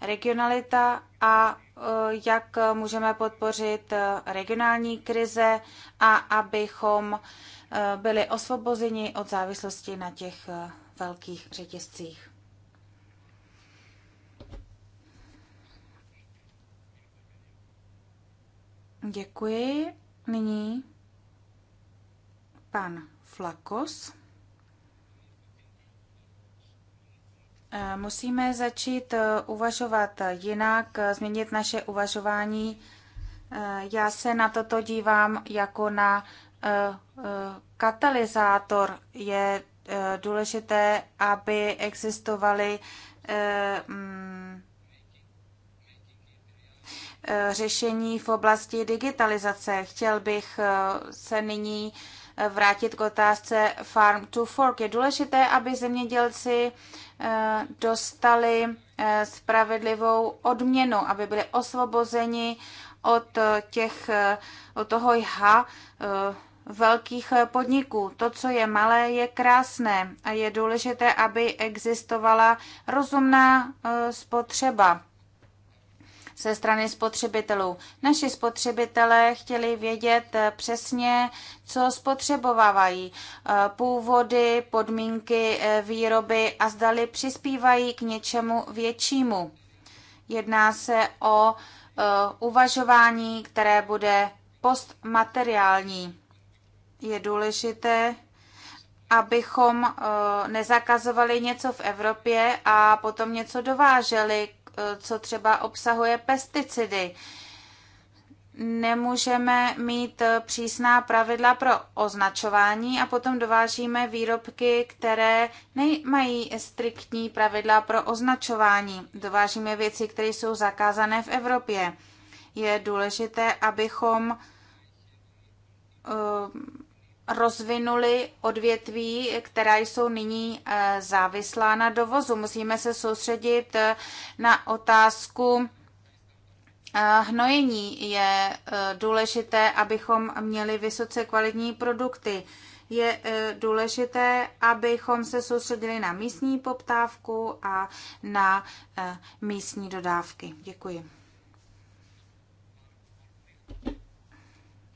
regionalita a Eh, jak můžeme podpořit eh, regionální krize a abychom eh, byli osvobozeni od závislosti na těch velkých řetězcích. Děkuji. Nyní pan Flakos. Eh, musíme začít eh, uvažovat jinak, eh, změnit naše uvažování. Já se na toto dívám jako na katalyzátor. Je důležité, aby existovaly mm, řešení v oblasti digitalizace. Chtěl bych se nyní vrátit k otázce Farm to Fork. Je důležité, aby zemědělci Eh, dostali eh, spravedlivou odměnu, aby byli osvobozeni od, těch, eh, od toho jha velkých podniků. To, co je malé, je krásné a je důležité, aby existovala rozumná spotřeba ze strany spotřebitelů. Naši spotřebitelé chtěli vědět eh, přesně, co spotřebovávají, eh, původy, podmínky eh, výroby a zdali přispívají k něčemu většímu. Jedná se o uvažování, které bude postmateriální. Je důležité, abychom nezakazovali něco v Evropě a potom něco dováželi, co třeba obsahuje pesticidy. Nemůžeme mít přísná pravidla pro označování a potom dovážíme výrobky, které nemají striktní pravidla pro označování. Dovážíme věci, které jsou zakázané v Evropě. Je důležité, abychom uh, rozvinuli odvětví, která jsou nyní eh, závislá na dovozu. Musíme se soustředit eh, na otázku eh, hnojení. Je důležité, abychom měli vysoce kvalitní produkty. Je důležité, abychom se soustředili na místní poptávku a na místní dodávky. Děkuji.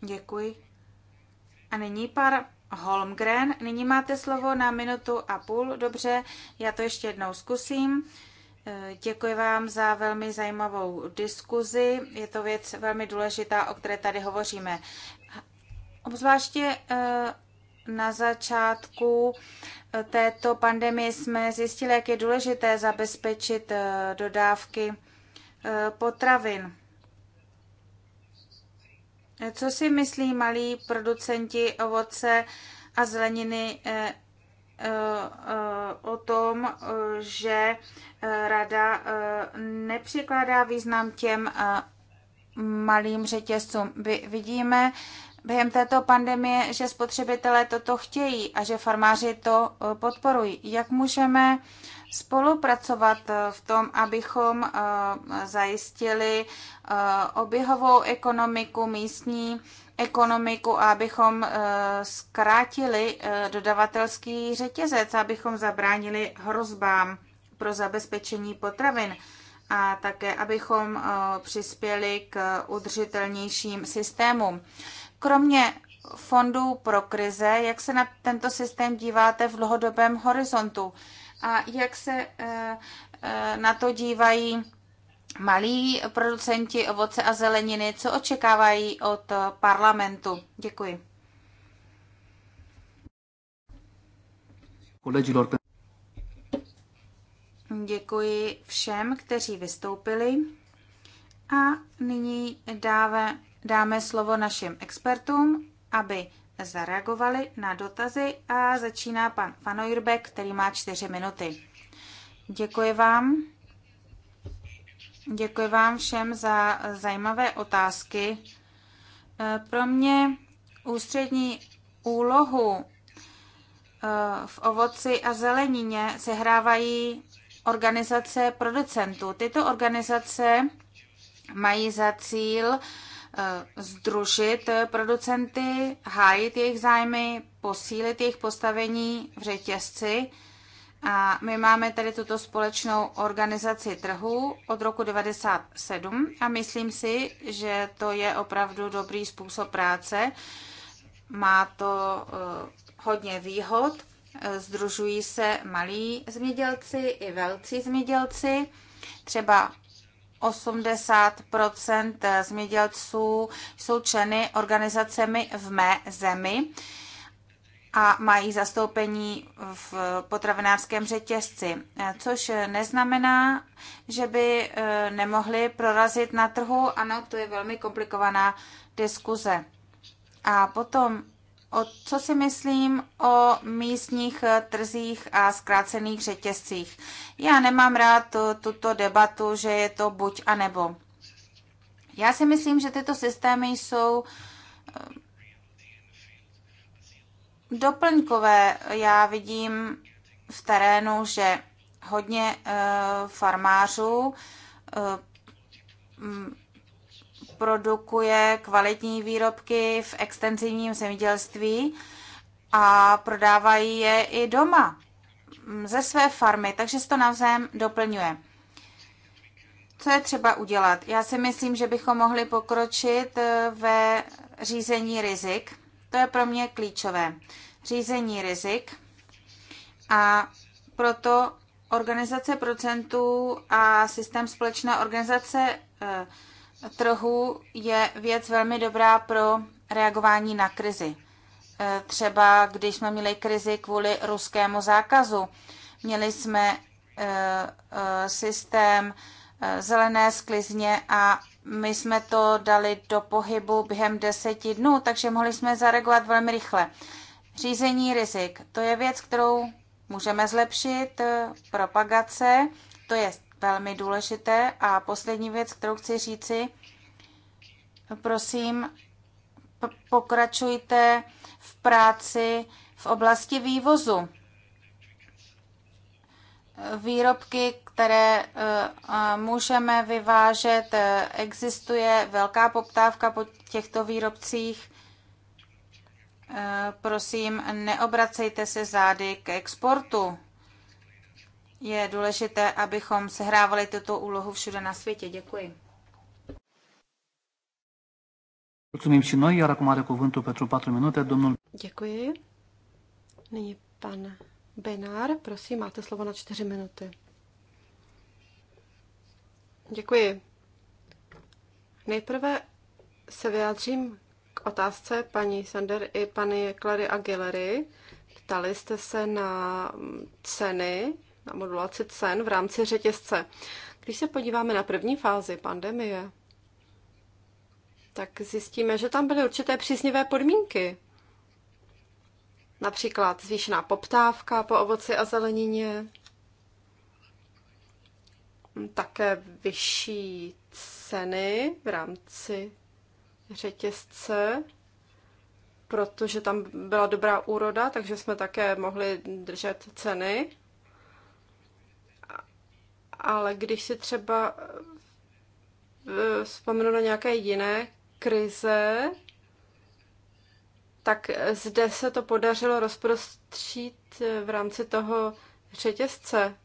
Děkuji. A nyní pár Holmgren, nyní máte slovo na minutu a půl. Dobře, já to ještě jednou zkusím. Eh, děkuji vám za velmi zajímavou diskuzi. Je to věc velmi důležitá, o které tady hovoříme. Obzvláště eh, na začátku eh, této pandemie jsme zjistili, jak je důležité zabezpečit dodávky potravin. Co si myslí malí producenti ovoce a zeleniny eh, eh, o tom, že eh, rada nepřikládá význam těm malým řetězcům. Vidíme, během této pandemie, že spotřebitelé toto chtějí a že farmáři to eh, podporují. Jak můžeme spolupracovat eh, v tom, abychom eh, zajistili oběhovou ekonomiku, místní ekonomiku a abychom zkrátili dodavatelský řetězec, abychom zabránili hrozbám pro zabezpečení potravin a také abychom přispěli k udržitelnějším systémům. Kromě fondů pro krize, jak se na tento systém díváte v dlouhodobém horizontu a jak se eh, eh, na to dívají malí producenti ovoce a zeleniny, co očekávají od parlamentu? Děkuji. Děkuji všem, kteří vystoupili. A nyní dáve, dáme slovo našim expertům, aby zareagovali na dotazy a začíná pan Fanojrbek, který má čtyři minuty. Děkuji vám. Děkuji vám všem za zajímavé otázky. Pro mě ústřední úlohu eh, v ovoci a zelenině sehrávají organizace producentů. Tyto organizace mají za cíl Eh, združit producenty, hájit jejich zájmy, posílit jejich postavení v řetězci. A my máme tady tuto společnou organizaci trhu od roku 1997 a myslím si, že to je opravdu dobrý způsob práce. Má to eh, hodně výhod. Združují se malí zemědělci i velcí zemědělci. Třeba 80 zemědělců jsou členy organizacemi v mé zemi a mají zastoupení v potravinářském řetězci, což neznamená, že by eh, nemohli prorazit na trhu. Ano, to je velmi komplikovaná diskuze. A potom o co si myslím o místních eh, trzích a zkrácených řetězcích. Já nemám rád tuto debatu, že je to buď a nebo. Já si myslím, že tyto systémy jsou eh, doplňkové. Já vidím v terénu, že hodně eh, farmářů produkuje kvalitní výrobky v extenzivním zemědělství a prodávají je i doma mm, ze své farmy, takže se to navzájem doplňuje. Co je třeba udělat? Já si myslím, že bychom mohli pokročit eh, ve řízení rizik. To je pro mě klíčové. Řízení rizik a proto organizace procentů a systém společné organizace eh, trhu je věc velmi dobrá pro reagování na krizi. E, třeba když jsme měli krizi kvůli ruskému zákazu, měli jsme e, e, systém zelené sklizně a my jsme to dali do pohybu během deseti dnů, takže mohli jsme zareagovat velmi rychle. Řízení rizik, to je věc, kterou můžeme zlepšit, propagace, to je velmi důležité. A poslední věc, kterou chci říci, prosím, pokračujte v práci v oblasti vývozu. Výrobky, které eh, můžeme vyvážet, eh, existuje velká poptávka po těchto výrobcích. Eh, prosím, neobracejte se zády k exportu je důležité, abychom sehrávali tuto úlohu všude na světě. Děkuji. Mulțumim și noi, iar acum are cuvântul pentru 4 minute domnul... Děkuji. Nyní pan Benár, prosím, máte slovo na 4 minuty. Děkuji. Nejprve se vyjádřím k otázce paní Sander i paní Clary Aguilery. Ptali jste se na ceny na modulaci cen v rámci řetězce. Když se podíváme na první fázi pandemie, tak zjistíme, že tam byly určité příznivé podmínky. Například zvýšená poptávka po ovoci a zelenině, také vyšší ceny v rámci řetězce, protože tam byla dobrá úroda, takže jsme také mohli držet ceny ale když si třeba eh, vzpomenu na nějaké jiné krize, tak zde se to podařilo rozprostřít eh, v rámci toho řetězce.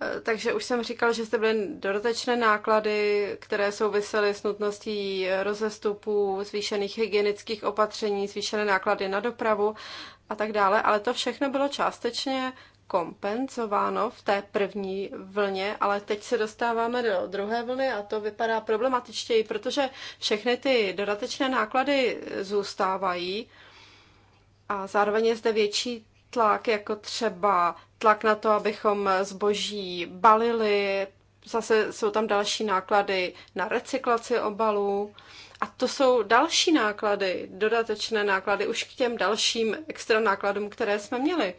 Eh, takže už jsem říkal, že zde byly dodatečné náklady, které souvisely s nutností rozestupů, zvýšených hygienických opatření, zvýšené náklady na dopravu a tak dále, ale to všechno bylo částečně kompenzováno v té první vlně, ale teď se dostáváme do druhé vlny a to vypadá problematičtěji, protože všechny ty dodatečné náklady zůstávají a zároveň je zde větší tlak, jako třeba tlak na to, abychom zboží balili, zase jsou tam další náklady na recyklaci obalů. A to jsou další náklady, dodatečné náklady už k těm dalším extra nákladům, které jsme měli.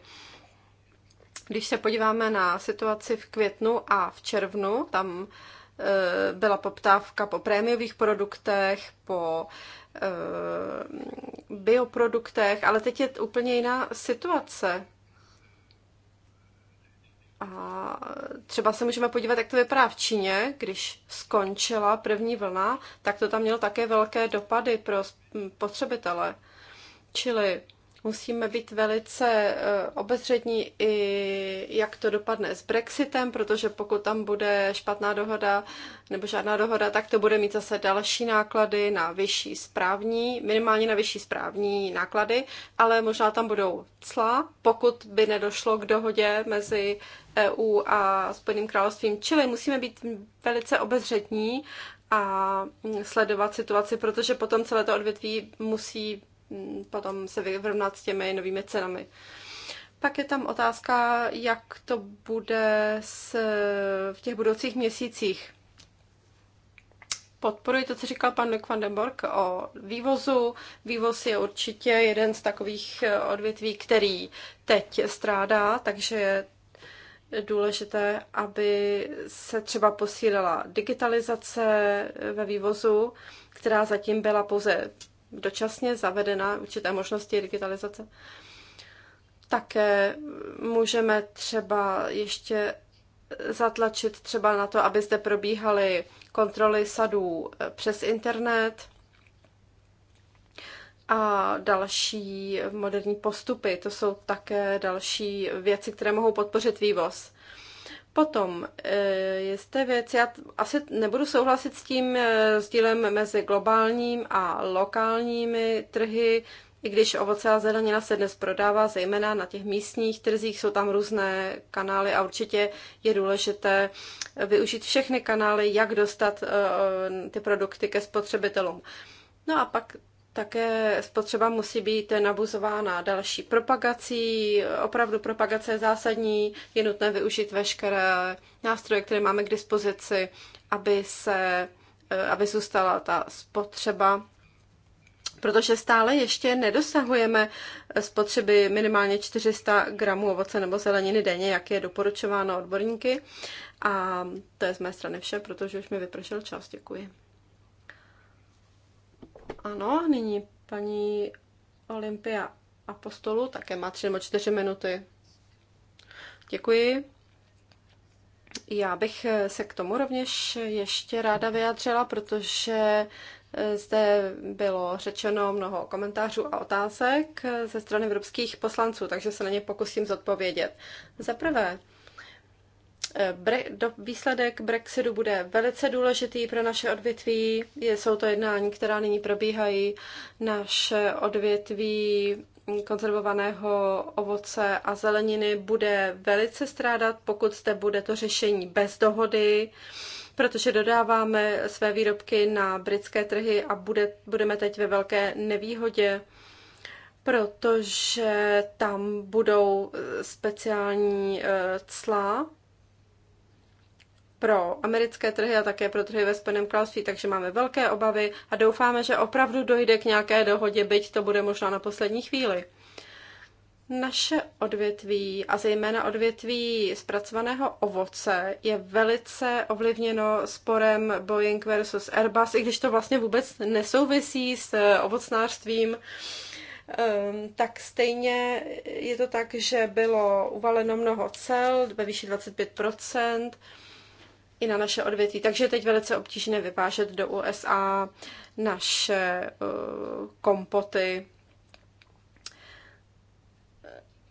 Když se podíváme na situaci v květnu a v červnu, tam e, byla poptávka po prémiových produktech, po e, bioproduktech, ale teď je úplně jiná situace. A třeba se můžeme podívat, jak to vypadá v Číně, když skončila první vlna, tak to tam mělo také velké dopady pro spotřebitele. Čili musíme být velice eh, obezřední i jak to dopadne s Brexitem, protože pokud tam bude špatná dohoda nebo žádná dohoda, tak to bude mít zase další náklady na vyšší správní, minimálně na vyšší správní náklady, ale možná tam budou cla, pokud by nedošlo k dohodě mezi EU a Spojeným královstvím. Čili musíme být velice obezřetní a sledovat situaci, protože potom celé to odvětví musí Mm, potom se vyrovnat s těmi novými cenami. Pak je tam otázka, jak to bude s, v těch budoucích měsících. Podporuji to, co říkal pan Luc van den Borg o vývozu. Vývoz je určitě jeden z takových eh, odvětví, který teď strádá, takže je důležité, aby se třeba posílila digitalizace eh, ve vývozu, která zatím byla pouze dočasně zavedena určité možnosti digitalizace. Také můžeme třeba ještě zatlačit třeba na to, aby zde probíhaly kontroly sadů eh, přes internet a další moderní postupy. To jsou také další věci, které mohou podpořit vývoz. Potom je zde věc, já asi nebudu souhlasit s tím rozdílem e, mezi globálním a lokálními trhy, i když ovoce a zelenina se dnes prodává zejména na těch místních trzích, jsou tam různé kanály a určitě je důležité využít všechny kanály, jak dostat e, e, ty produkty ke spotřebitelům. No a pak také spotřeba musí být nabuzována další propagací. Opravdu propagace je zásadní. Je nutné využít veškeré nástroje, které máme k dispozici, aby, se, eh, aby zůstala ta spotřeba protože stále ještě nedosahujeme spotřeby minimálně 400 gramů ovoce nebo zeleniny denně, jak je doporučováno odborníky. A to je z mé strany vše, protože už mi vypršel čas. Děkuji. Ano, nyní paní Olympia Apostolu také má tři nebo čtyři minuty. Děkuji. Já bych se k tomu rovněž ještě ráda vyjádřila, protože zde bylo řečeno mnoho komentářů a otázek ze strany evropských poslanců, takže se na ně pokusím zodpovědět. Za prvé, Eh, Bre- do, výsledek Brexitu bude velice důležitý pro naše odvětví. jsou to jednání, která nyní probíhají. Naše odvětví konzervovaného ovoce a zeleniny bude velice strádat, pokud zde bude to řešení bez dohody, protože dodáváme své výrobky na britské trhy a bude, budeme teď ve velké nevýhodě protože tam budou speciální eh, cla pro americké trhy a také pro trhy ve Spojeném království, takže máme velké obavy a doufáme, že opravdu dojde k nějaké dohodě, byť to bude možná na poslední chvíli. Naše odvětví a zejména odvětví zpracovaného ovoce je velice ovlivněno sporem Boeing versus Airbus, i když to vlastně vůbec nesouvisí s eh, ovocnářstvím. Ehm, tak stejně je to tak, že bylo uvaleno mnoho cel ve výši 25 i na naše odvětví. Takže je teď velice obtížné vyvážet do USA naše eh, kompoty.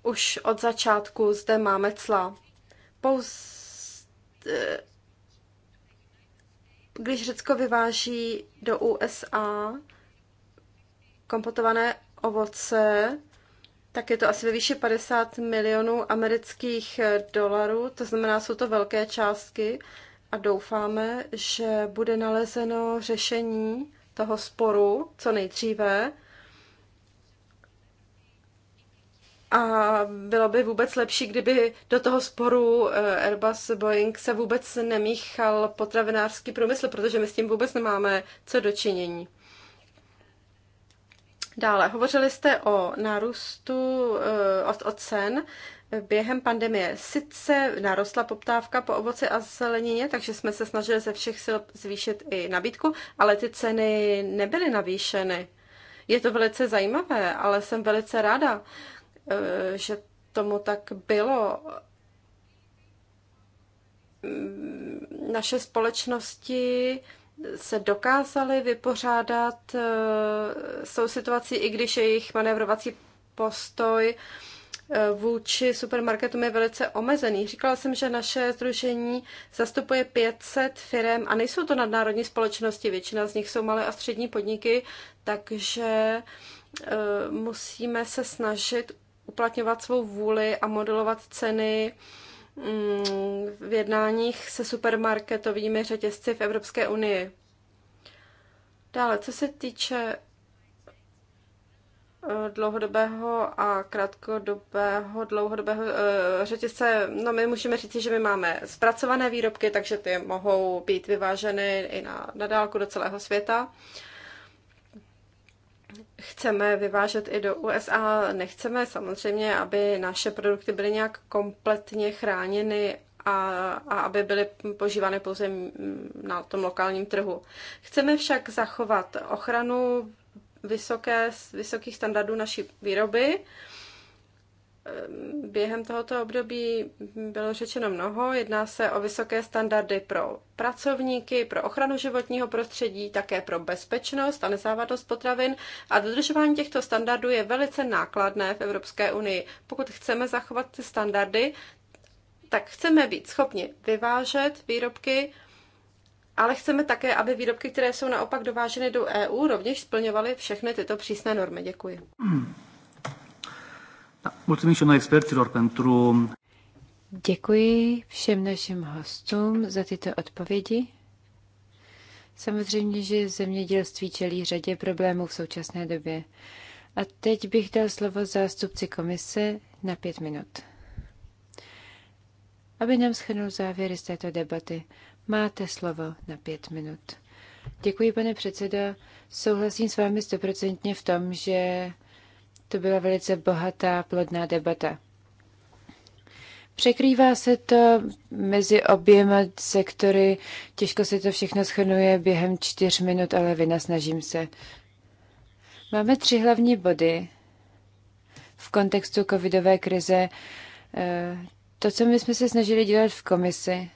Už od začátku zde máme cla. Pouze eh, když Řecko vyváží do USA kompotované ovoce, tak je to asi ve výši 50 milionů amerických eh, dolarů, to znamená, jsou to velké částky a doufáme, že bude nalezeno řešení toho sporu co nejdříve. A bylo by vůbec lepší, kdyby do toho sporu eh, Airbus Boeing se vůbec nemíchal potravinářský průmysl, protože my s tím vůbec nemáme co dočinění. Dále, hovořili jste o nárůstu od, eh, od cen během pandemie. Sice narostla poptávka po ovoci a zelenině, takže jsme se snažili ze všech sil zvýšit i nabídku, ale ty ceny nebyly navýšeny. Je to velice zajímavé, ale jsem velice ráda, eh, že tomu tak bylo. Naše společnosti se dokázaly vypořádat eh, s tou situací, i když jejich manévrovací postoj uh, E, vůči supermarketům je velice omezený. Říkala jsem, že naše združení zastupuje 500 firm a nejsou to nadnárodní společnosti, většina z nich jsou malé a střední podniky, takže e, musíme se snažit uplatňovat svou vůli a modelovat ceny mm, v jednáních se supermarketovými řetězci v Evropské unii. Dále, co se týče Eh, dlouhodobého a krátkodobého, dlouhodobého eh, řetězce, no my můžeme říct, že my máme zpracované výrobky, takže ty mohou být vyváženy i na, na dálku do celého světa. Chceme vyvážet i do USA, nechceme samozřejmě, aby naše produkty byly nějak kompletně chráněny a, a aby byly požívány pouze na tom lokálním trhu. Chceme však zachovat ochranu vysoké, vysokých standardů naší výroby. Ehm, během tohoto období bylo řečeno mnoho. Jedná se o vysoké standardy pro pracovníky, pro ochranu životního prostředí, také pro bezpečnost a nezávadnost potravin. A dodržování těchto standardů je velice nákladné v Evropské unii. Pokud chceme zachovat ty standardy, tak chceme být schopni vyvážet výrobky ale chceme také, aby výrobky, které jsou naopak dováženy do EU, rovněž splňovaly všechny tyto přísné normy. Děkuji. Mulțumim și noi pentru... Děkuji všem našim hostům za tyto odpovědi. Samozřejmě, že zemědělství čelí řadě problémů v současné době. A teď bych dal slovo zástupci komise na pět minut, aby nám schrnul závěry z této debaty. Máte slovo na pět minut. Děkuji, pane předsedo. Souhlasím s vámi stoprocentně v tom, že to byla velice bohatá, plodná debata. Překrývá se to mezi oběma sektory, těžko se to všechno schrnuje během čtyř minut, ale vynasnažím se. Máme tři hlavní body v kontextu covidové krize. Eh, to, co my jsme se snažili dělat v komisi,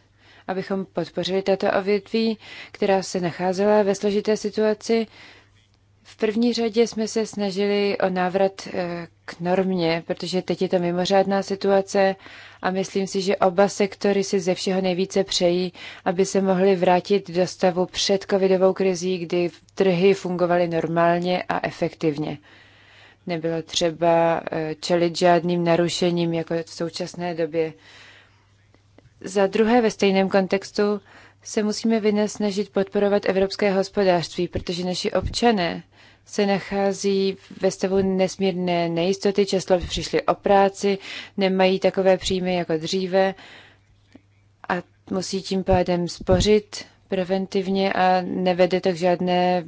abychom podpořili tato ovětví, která se nacházela ve složité situaci. V první řadě jsme se snažili o návrat eh, k normě, protože teď je to mimořádná situace a myslím si, že oba sektory si ze všeho nejvíce přejí, aby se mohli vrátit do stavu před covidovou krizí, kdy trhy fungovaly normálně a efektivně. Nebylo třeba eh, čelit žádným narušením, jako v současné době. Za druhé, ve stejném kontextu se musíme snažit podporovat evropské hospodářství, protože naši občané se nachází ve stavu nesmírné nejistoty, často přišli o práci, nemají takové příjmy jako dříve a musí tím pádem spořit preventivně a nevede to k žádnému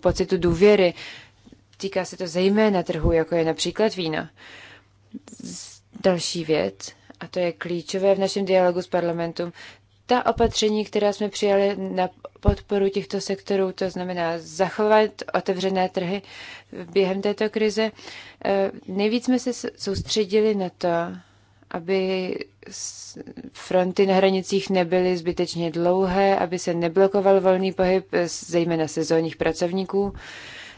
pocitu důvěry. Týká se to zejména trhu, jako je například víno. Další věc a to je klíčové v našem dialogu s parlamentem, ta opatření, která jsme přijali na podporu těchto sektorů, to znamená zachovat otevřené trhy během této krize, eh, nejvíc jsme se soustředili na to, aby fronty na hranicích nebyly zbytečně dlouhé, aby se neblokoval volný pohyb, eh, zejména sezónních pracovníků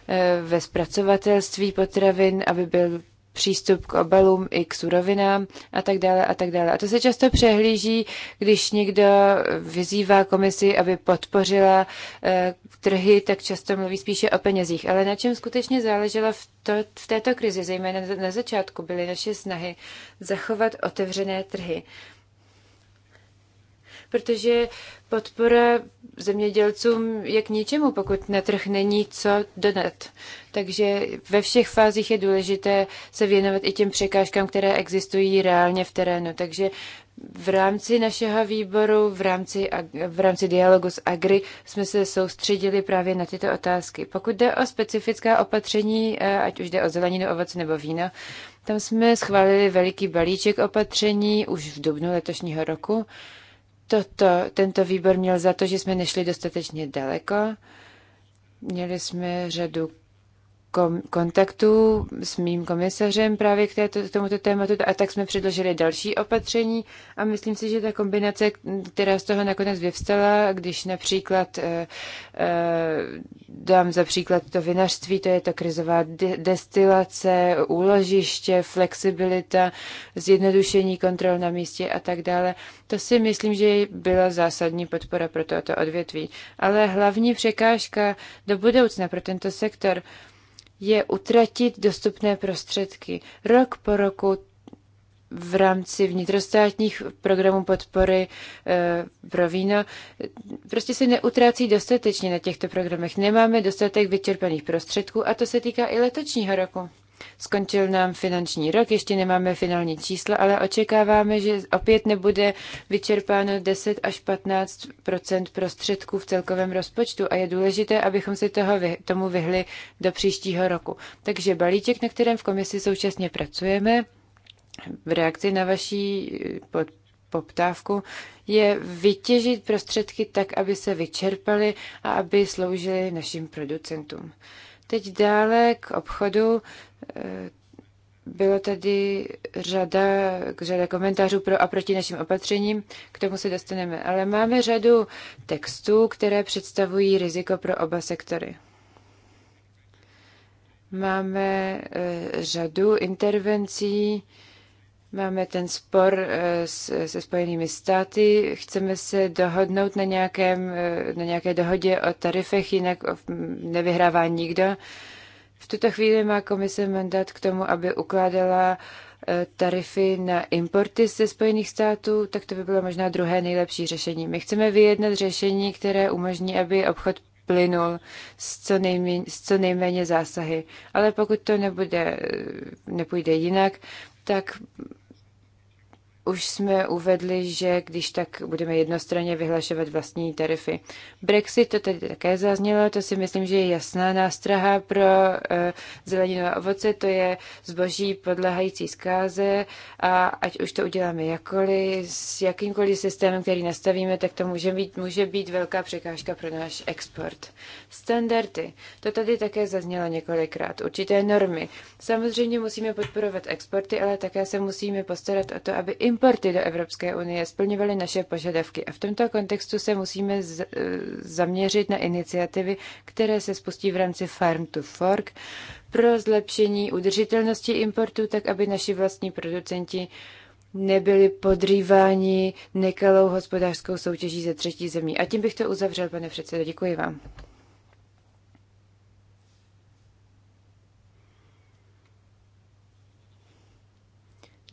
eh, ve zpracovatelství potravin, aby byl přístup k obalům i k surovinám a tak dále a tak dále. A to se často přehlíží, když někdo vyzývá komisi, aby podpořila eh, trhy, tak často mluví spíše o penězích. Ale na čem skutečně záleželo v, to, v této krizi, zejména na začátku, byly naše snahy zachovat otevřené trhy. Eh, protože podpora zemědělcům je k ničemu, pokud na trh není co dodat. Takže ve všech fázích je důležité se věnovat i těm překážkám, které existují reálně v terénu. Takže v rámci našeho výboru, v rámci, v rámci dialogu s Agri jsme se soustředili právě na tyto otázky. Pokud jde o specifická opatření, eh, ať už jde o zeleninu, ovoce nebo víno, tam jsme schválili veliký balíček opatření už v dubnu letošního roku toto, tento výbor měl za to, že jsme nešli dostatečně daleko. Měli jsme řadu kom- kontaktu s mým komisařem právě k, této, k tomuto tématu a tak jsme předložili další opatření a myslím si, že ta kombinace, která z toho nakonec vyvstala, když například eh, eh, dám za příklad to vinařství, to je ta krizová de- destilace, úložiště, flexibilita, zjednodušení kontrol na místě a tak dále, to si myslím, že byla zásadní podpora pro toto odvětví. Ale hlavní překážka do budoucna pro tento sektor, je utratit dostupné prostředky. Rok po roku v rámci vnitrostátních programů podpory e, pro víno prostě se neutrácí dostatečně na těchto programech. Nemáme dostatek vyčerpaných prostředků a to se týká i letošního roku. Skončil nám finanční rok, ještě nemáme finální čísla, ale očekáváme, že opět nebude vyčerpáno 10 až 15 prostředků v celkovém rozpočtu a je důležité, abychom se toho, tomu vyhli do příštího roku. Takže balíček, na kterém v komisi současně pracujeme, v reakci na vaší eh, pod, poptávku, je vytěžit prostředky tak, aby se vyčerpaly a aby sloužily našim producentům. Teď dále k obchodu. Eh, bylo tady řada, řada komentářů pro a proti našim opatřením, k tomu se dostaneme, ale máme řadu textů, které představují riziko pro oba sektory. Máme eh, řadu intervencí, Máme ten spor eh, se Spojenými státy, chceme se dohodnout na, nějakém, eh, na nějaké dohodě o tarifech, jinak mm, nevyhrává nikdo. V tuto chvíli má komise mandát k tomu, aby ukládala eh, tarify na importy ze Spojených států, tak to by bylo možná druhé nejlepší řešení. My chceme vyjednat řešení, které umožní, aby obchod plynul s co, nejméně, s co nejméně zásahy. Ale pokud to nebude, nepůjde jinak, tak už jsme uvedli, že když tak budeme jednostranně vyhlašovat vlastní tarify. Brexit to tady také zaznělo, to si myslím, že je jasná nástraha pro uh, eh, zeleninu a ovoce, to je zboží podlehající zkáze a ať už to uděláme jakkoliv, s jakýmkoliv systémem, který nastavíme, tak to může být, může být velká překážka pro náš export. Standardy, to tady také zaznělo několikrát, určité normy. Samozřejmě musíme podporovat exporty, ale také se musíme postarat o to, aby importy do Evropské unie splňovaly naše požadavky a v tomto kontextu se musíme e, zaměřit na iniciativy, které se spustí v rámci Farm to Fork pro zlepšení udržitelnosti importu, tak aby naši vlastní producenti nebyli podrýváni nekalou hospodářskou soutěží ze třetí zemí. A tím bych to uzavřel, pane předsedo. Děkuji vám.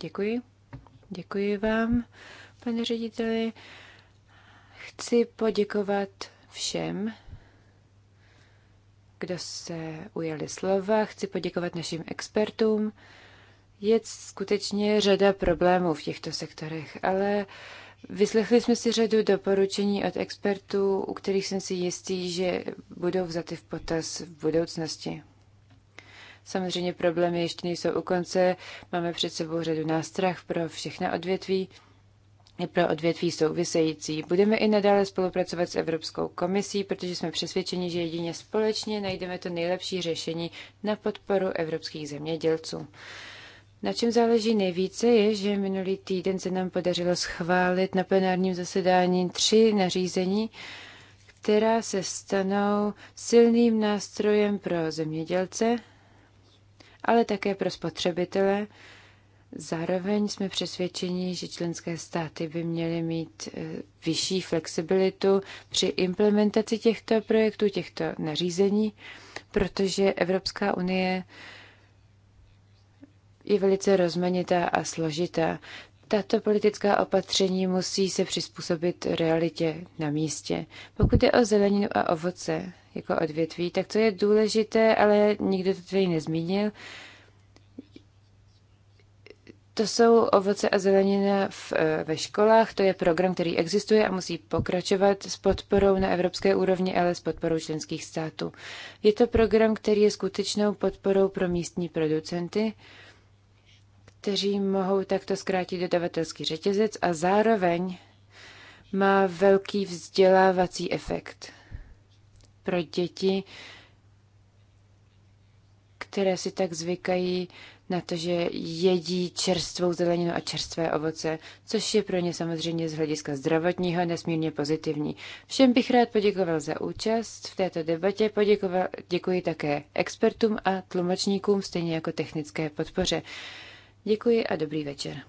Děkuji. Děkuji vám, pane řediteli. Chci poděkovat všem, kdo se ujeli slova. Chci poděkovat našim expertům. Je skutečně řada problémů v těchto sektorech, ale Vyslechli jsme si řadu doporučení od expertů, u kterých jsem si jistý, že budou vzaty v potaz v budoucnosti. Samozřejmě problémy ještě nejsou u konce. Máme před sebou řadu nástrah pro všechna odvětví i pro odvětví související. Budeme i nadále spolupracovat s Evropskou komisí, protože jsme přesvědčeni, že jedině společně najdeme to nejlepší řešení na podporu evropských zemědělců. Na čem záleží nejvíce je, že minulý týden se nám podařilo schválit na plenárním zasedání tři nařízení, která se stanou silným nástrojem pro zemědělce, ale také pro spotřebitele. Zároveň jsme přesvědčeni, že členské státy by měly mít eh, vyšší flexibilitu při implementaci těchto projektů, těchto nařízení, protože Evropská unie je velice rozmanitá a složitá. Tato politická opatření musí se přizpůsobit realitě na místě. Pokud je o zeleninu a ovoce jako odvětví, tak to je důležité, ale nikdo to tady nezmínil. To jsou ovoce a zelenina v, e, ve školách, to je program, který existuje a musí pokračovat s podporou na evropské úrovni, ale s podporou členských států. Je to program, který je skutečnou podporou pro místní producenty kteří mohou takto zkrátit dodavatelský řetězec a zároveň má velký vzdělávací efekt pro děti, které si tak zvykají na to, že jedí čerstvou zeleninu a čerstvé ovoce, což je pro ně samozřejmě z hlediska zdravotního nesmírně pozitivní. Všem bych rád poděkoval za účast v této debatě, poděkoval, děkuji také expertům a tlumočníkům, stejně jako technické podpoře. Děkuji a dobrý večer.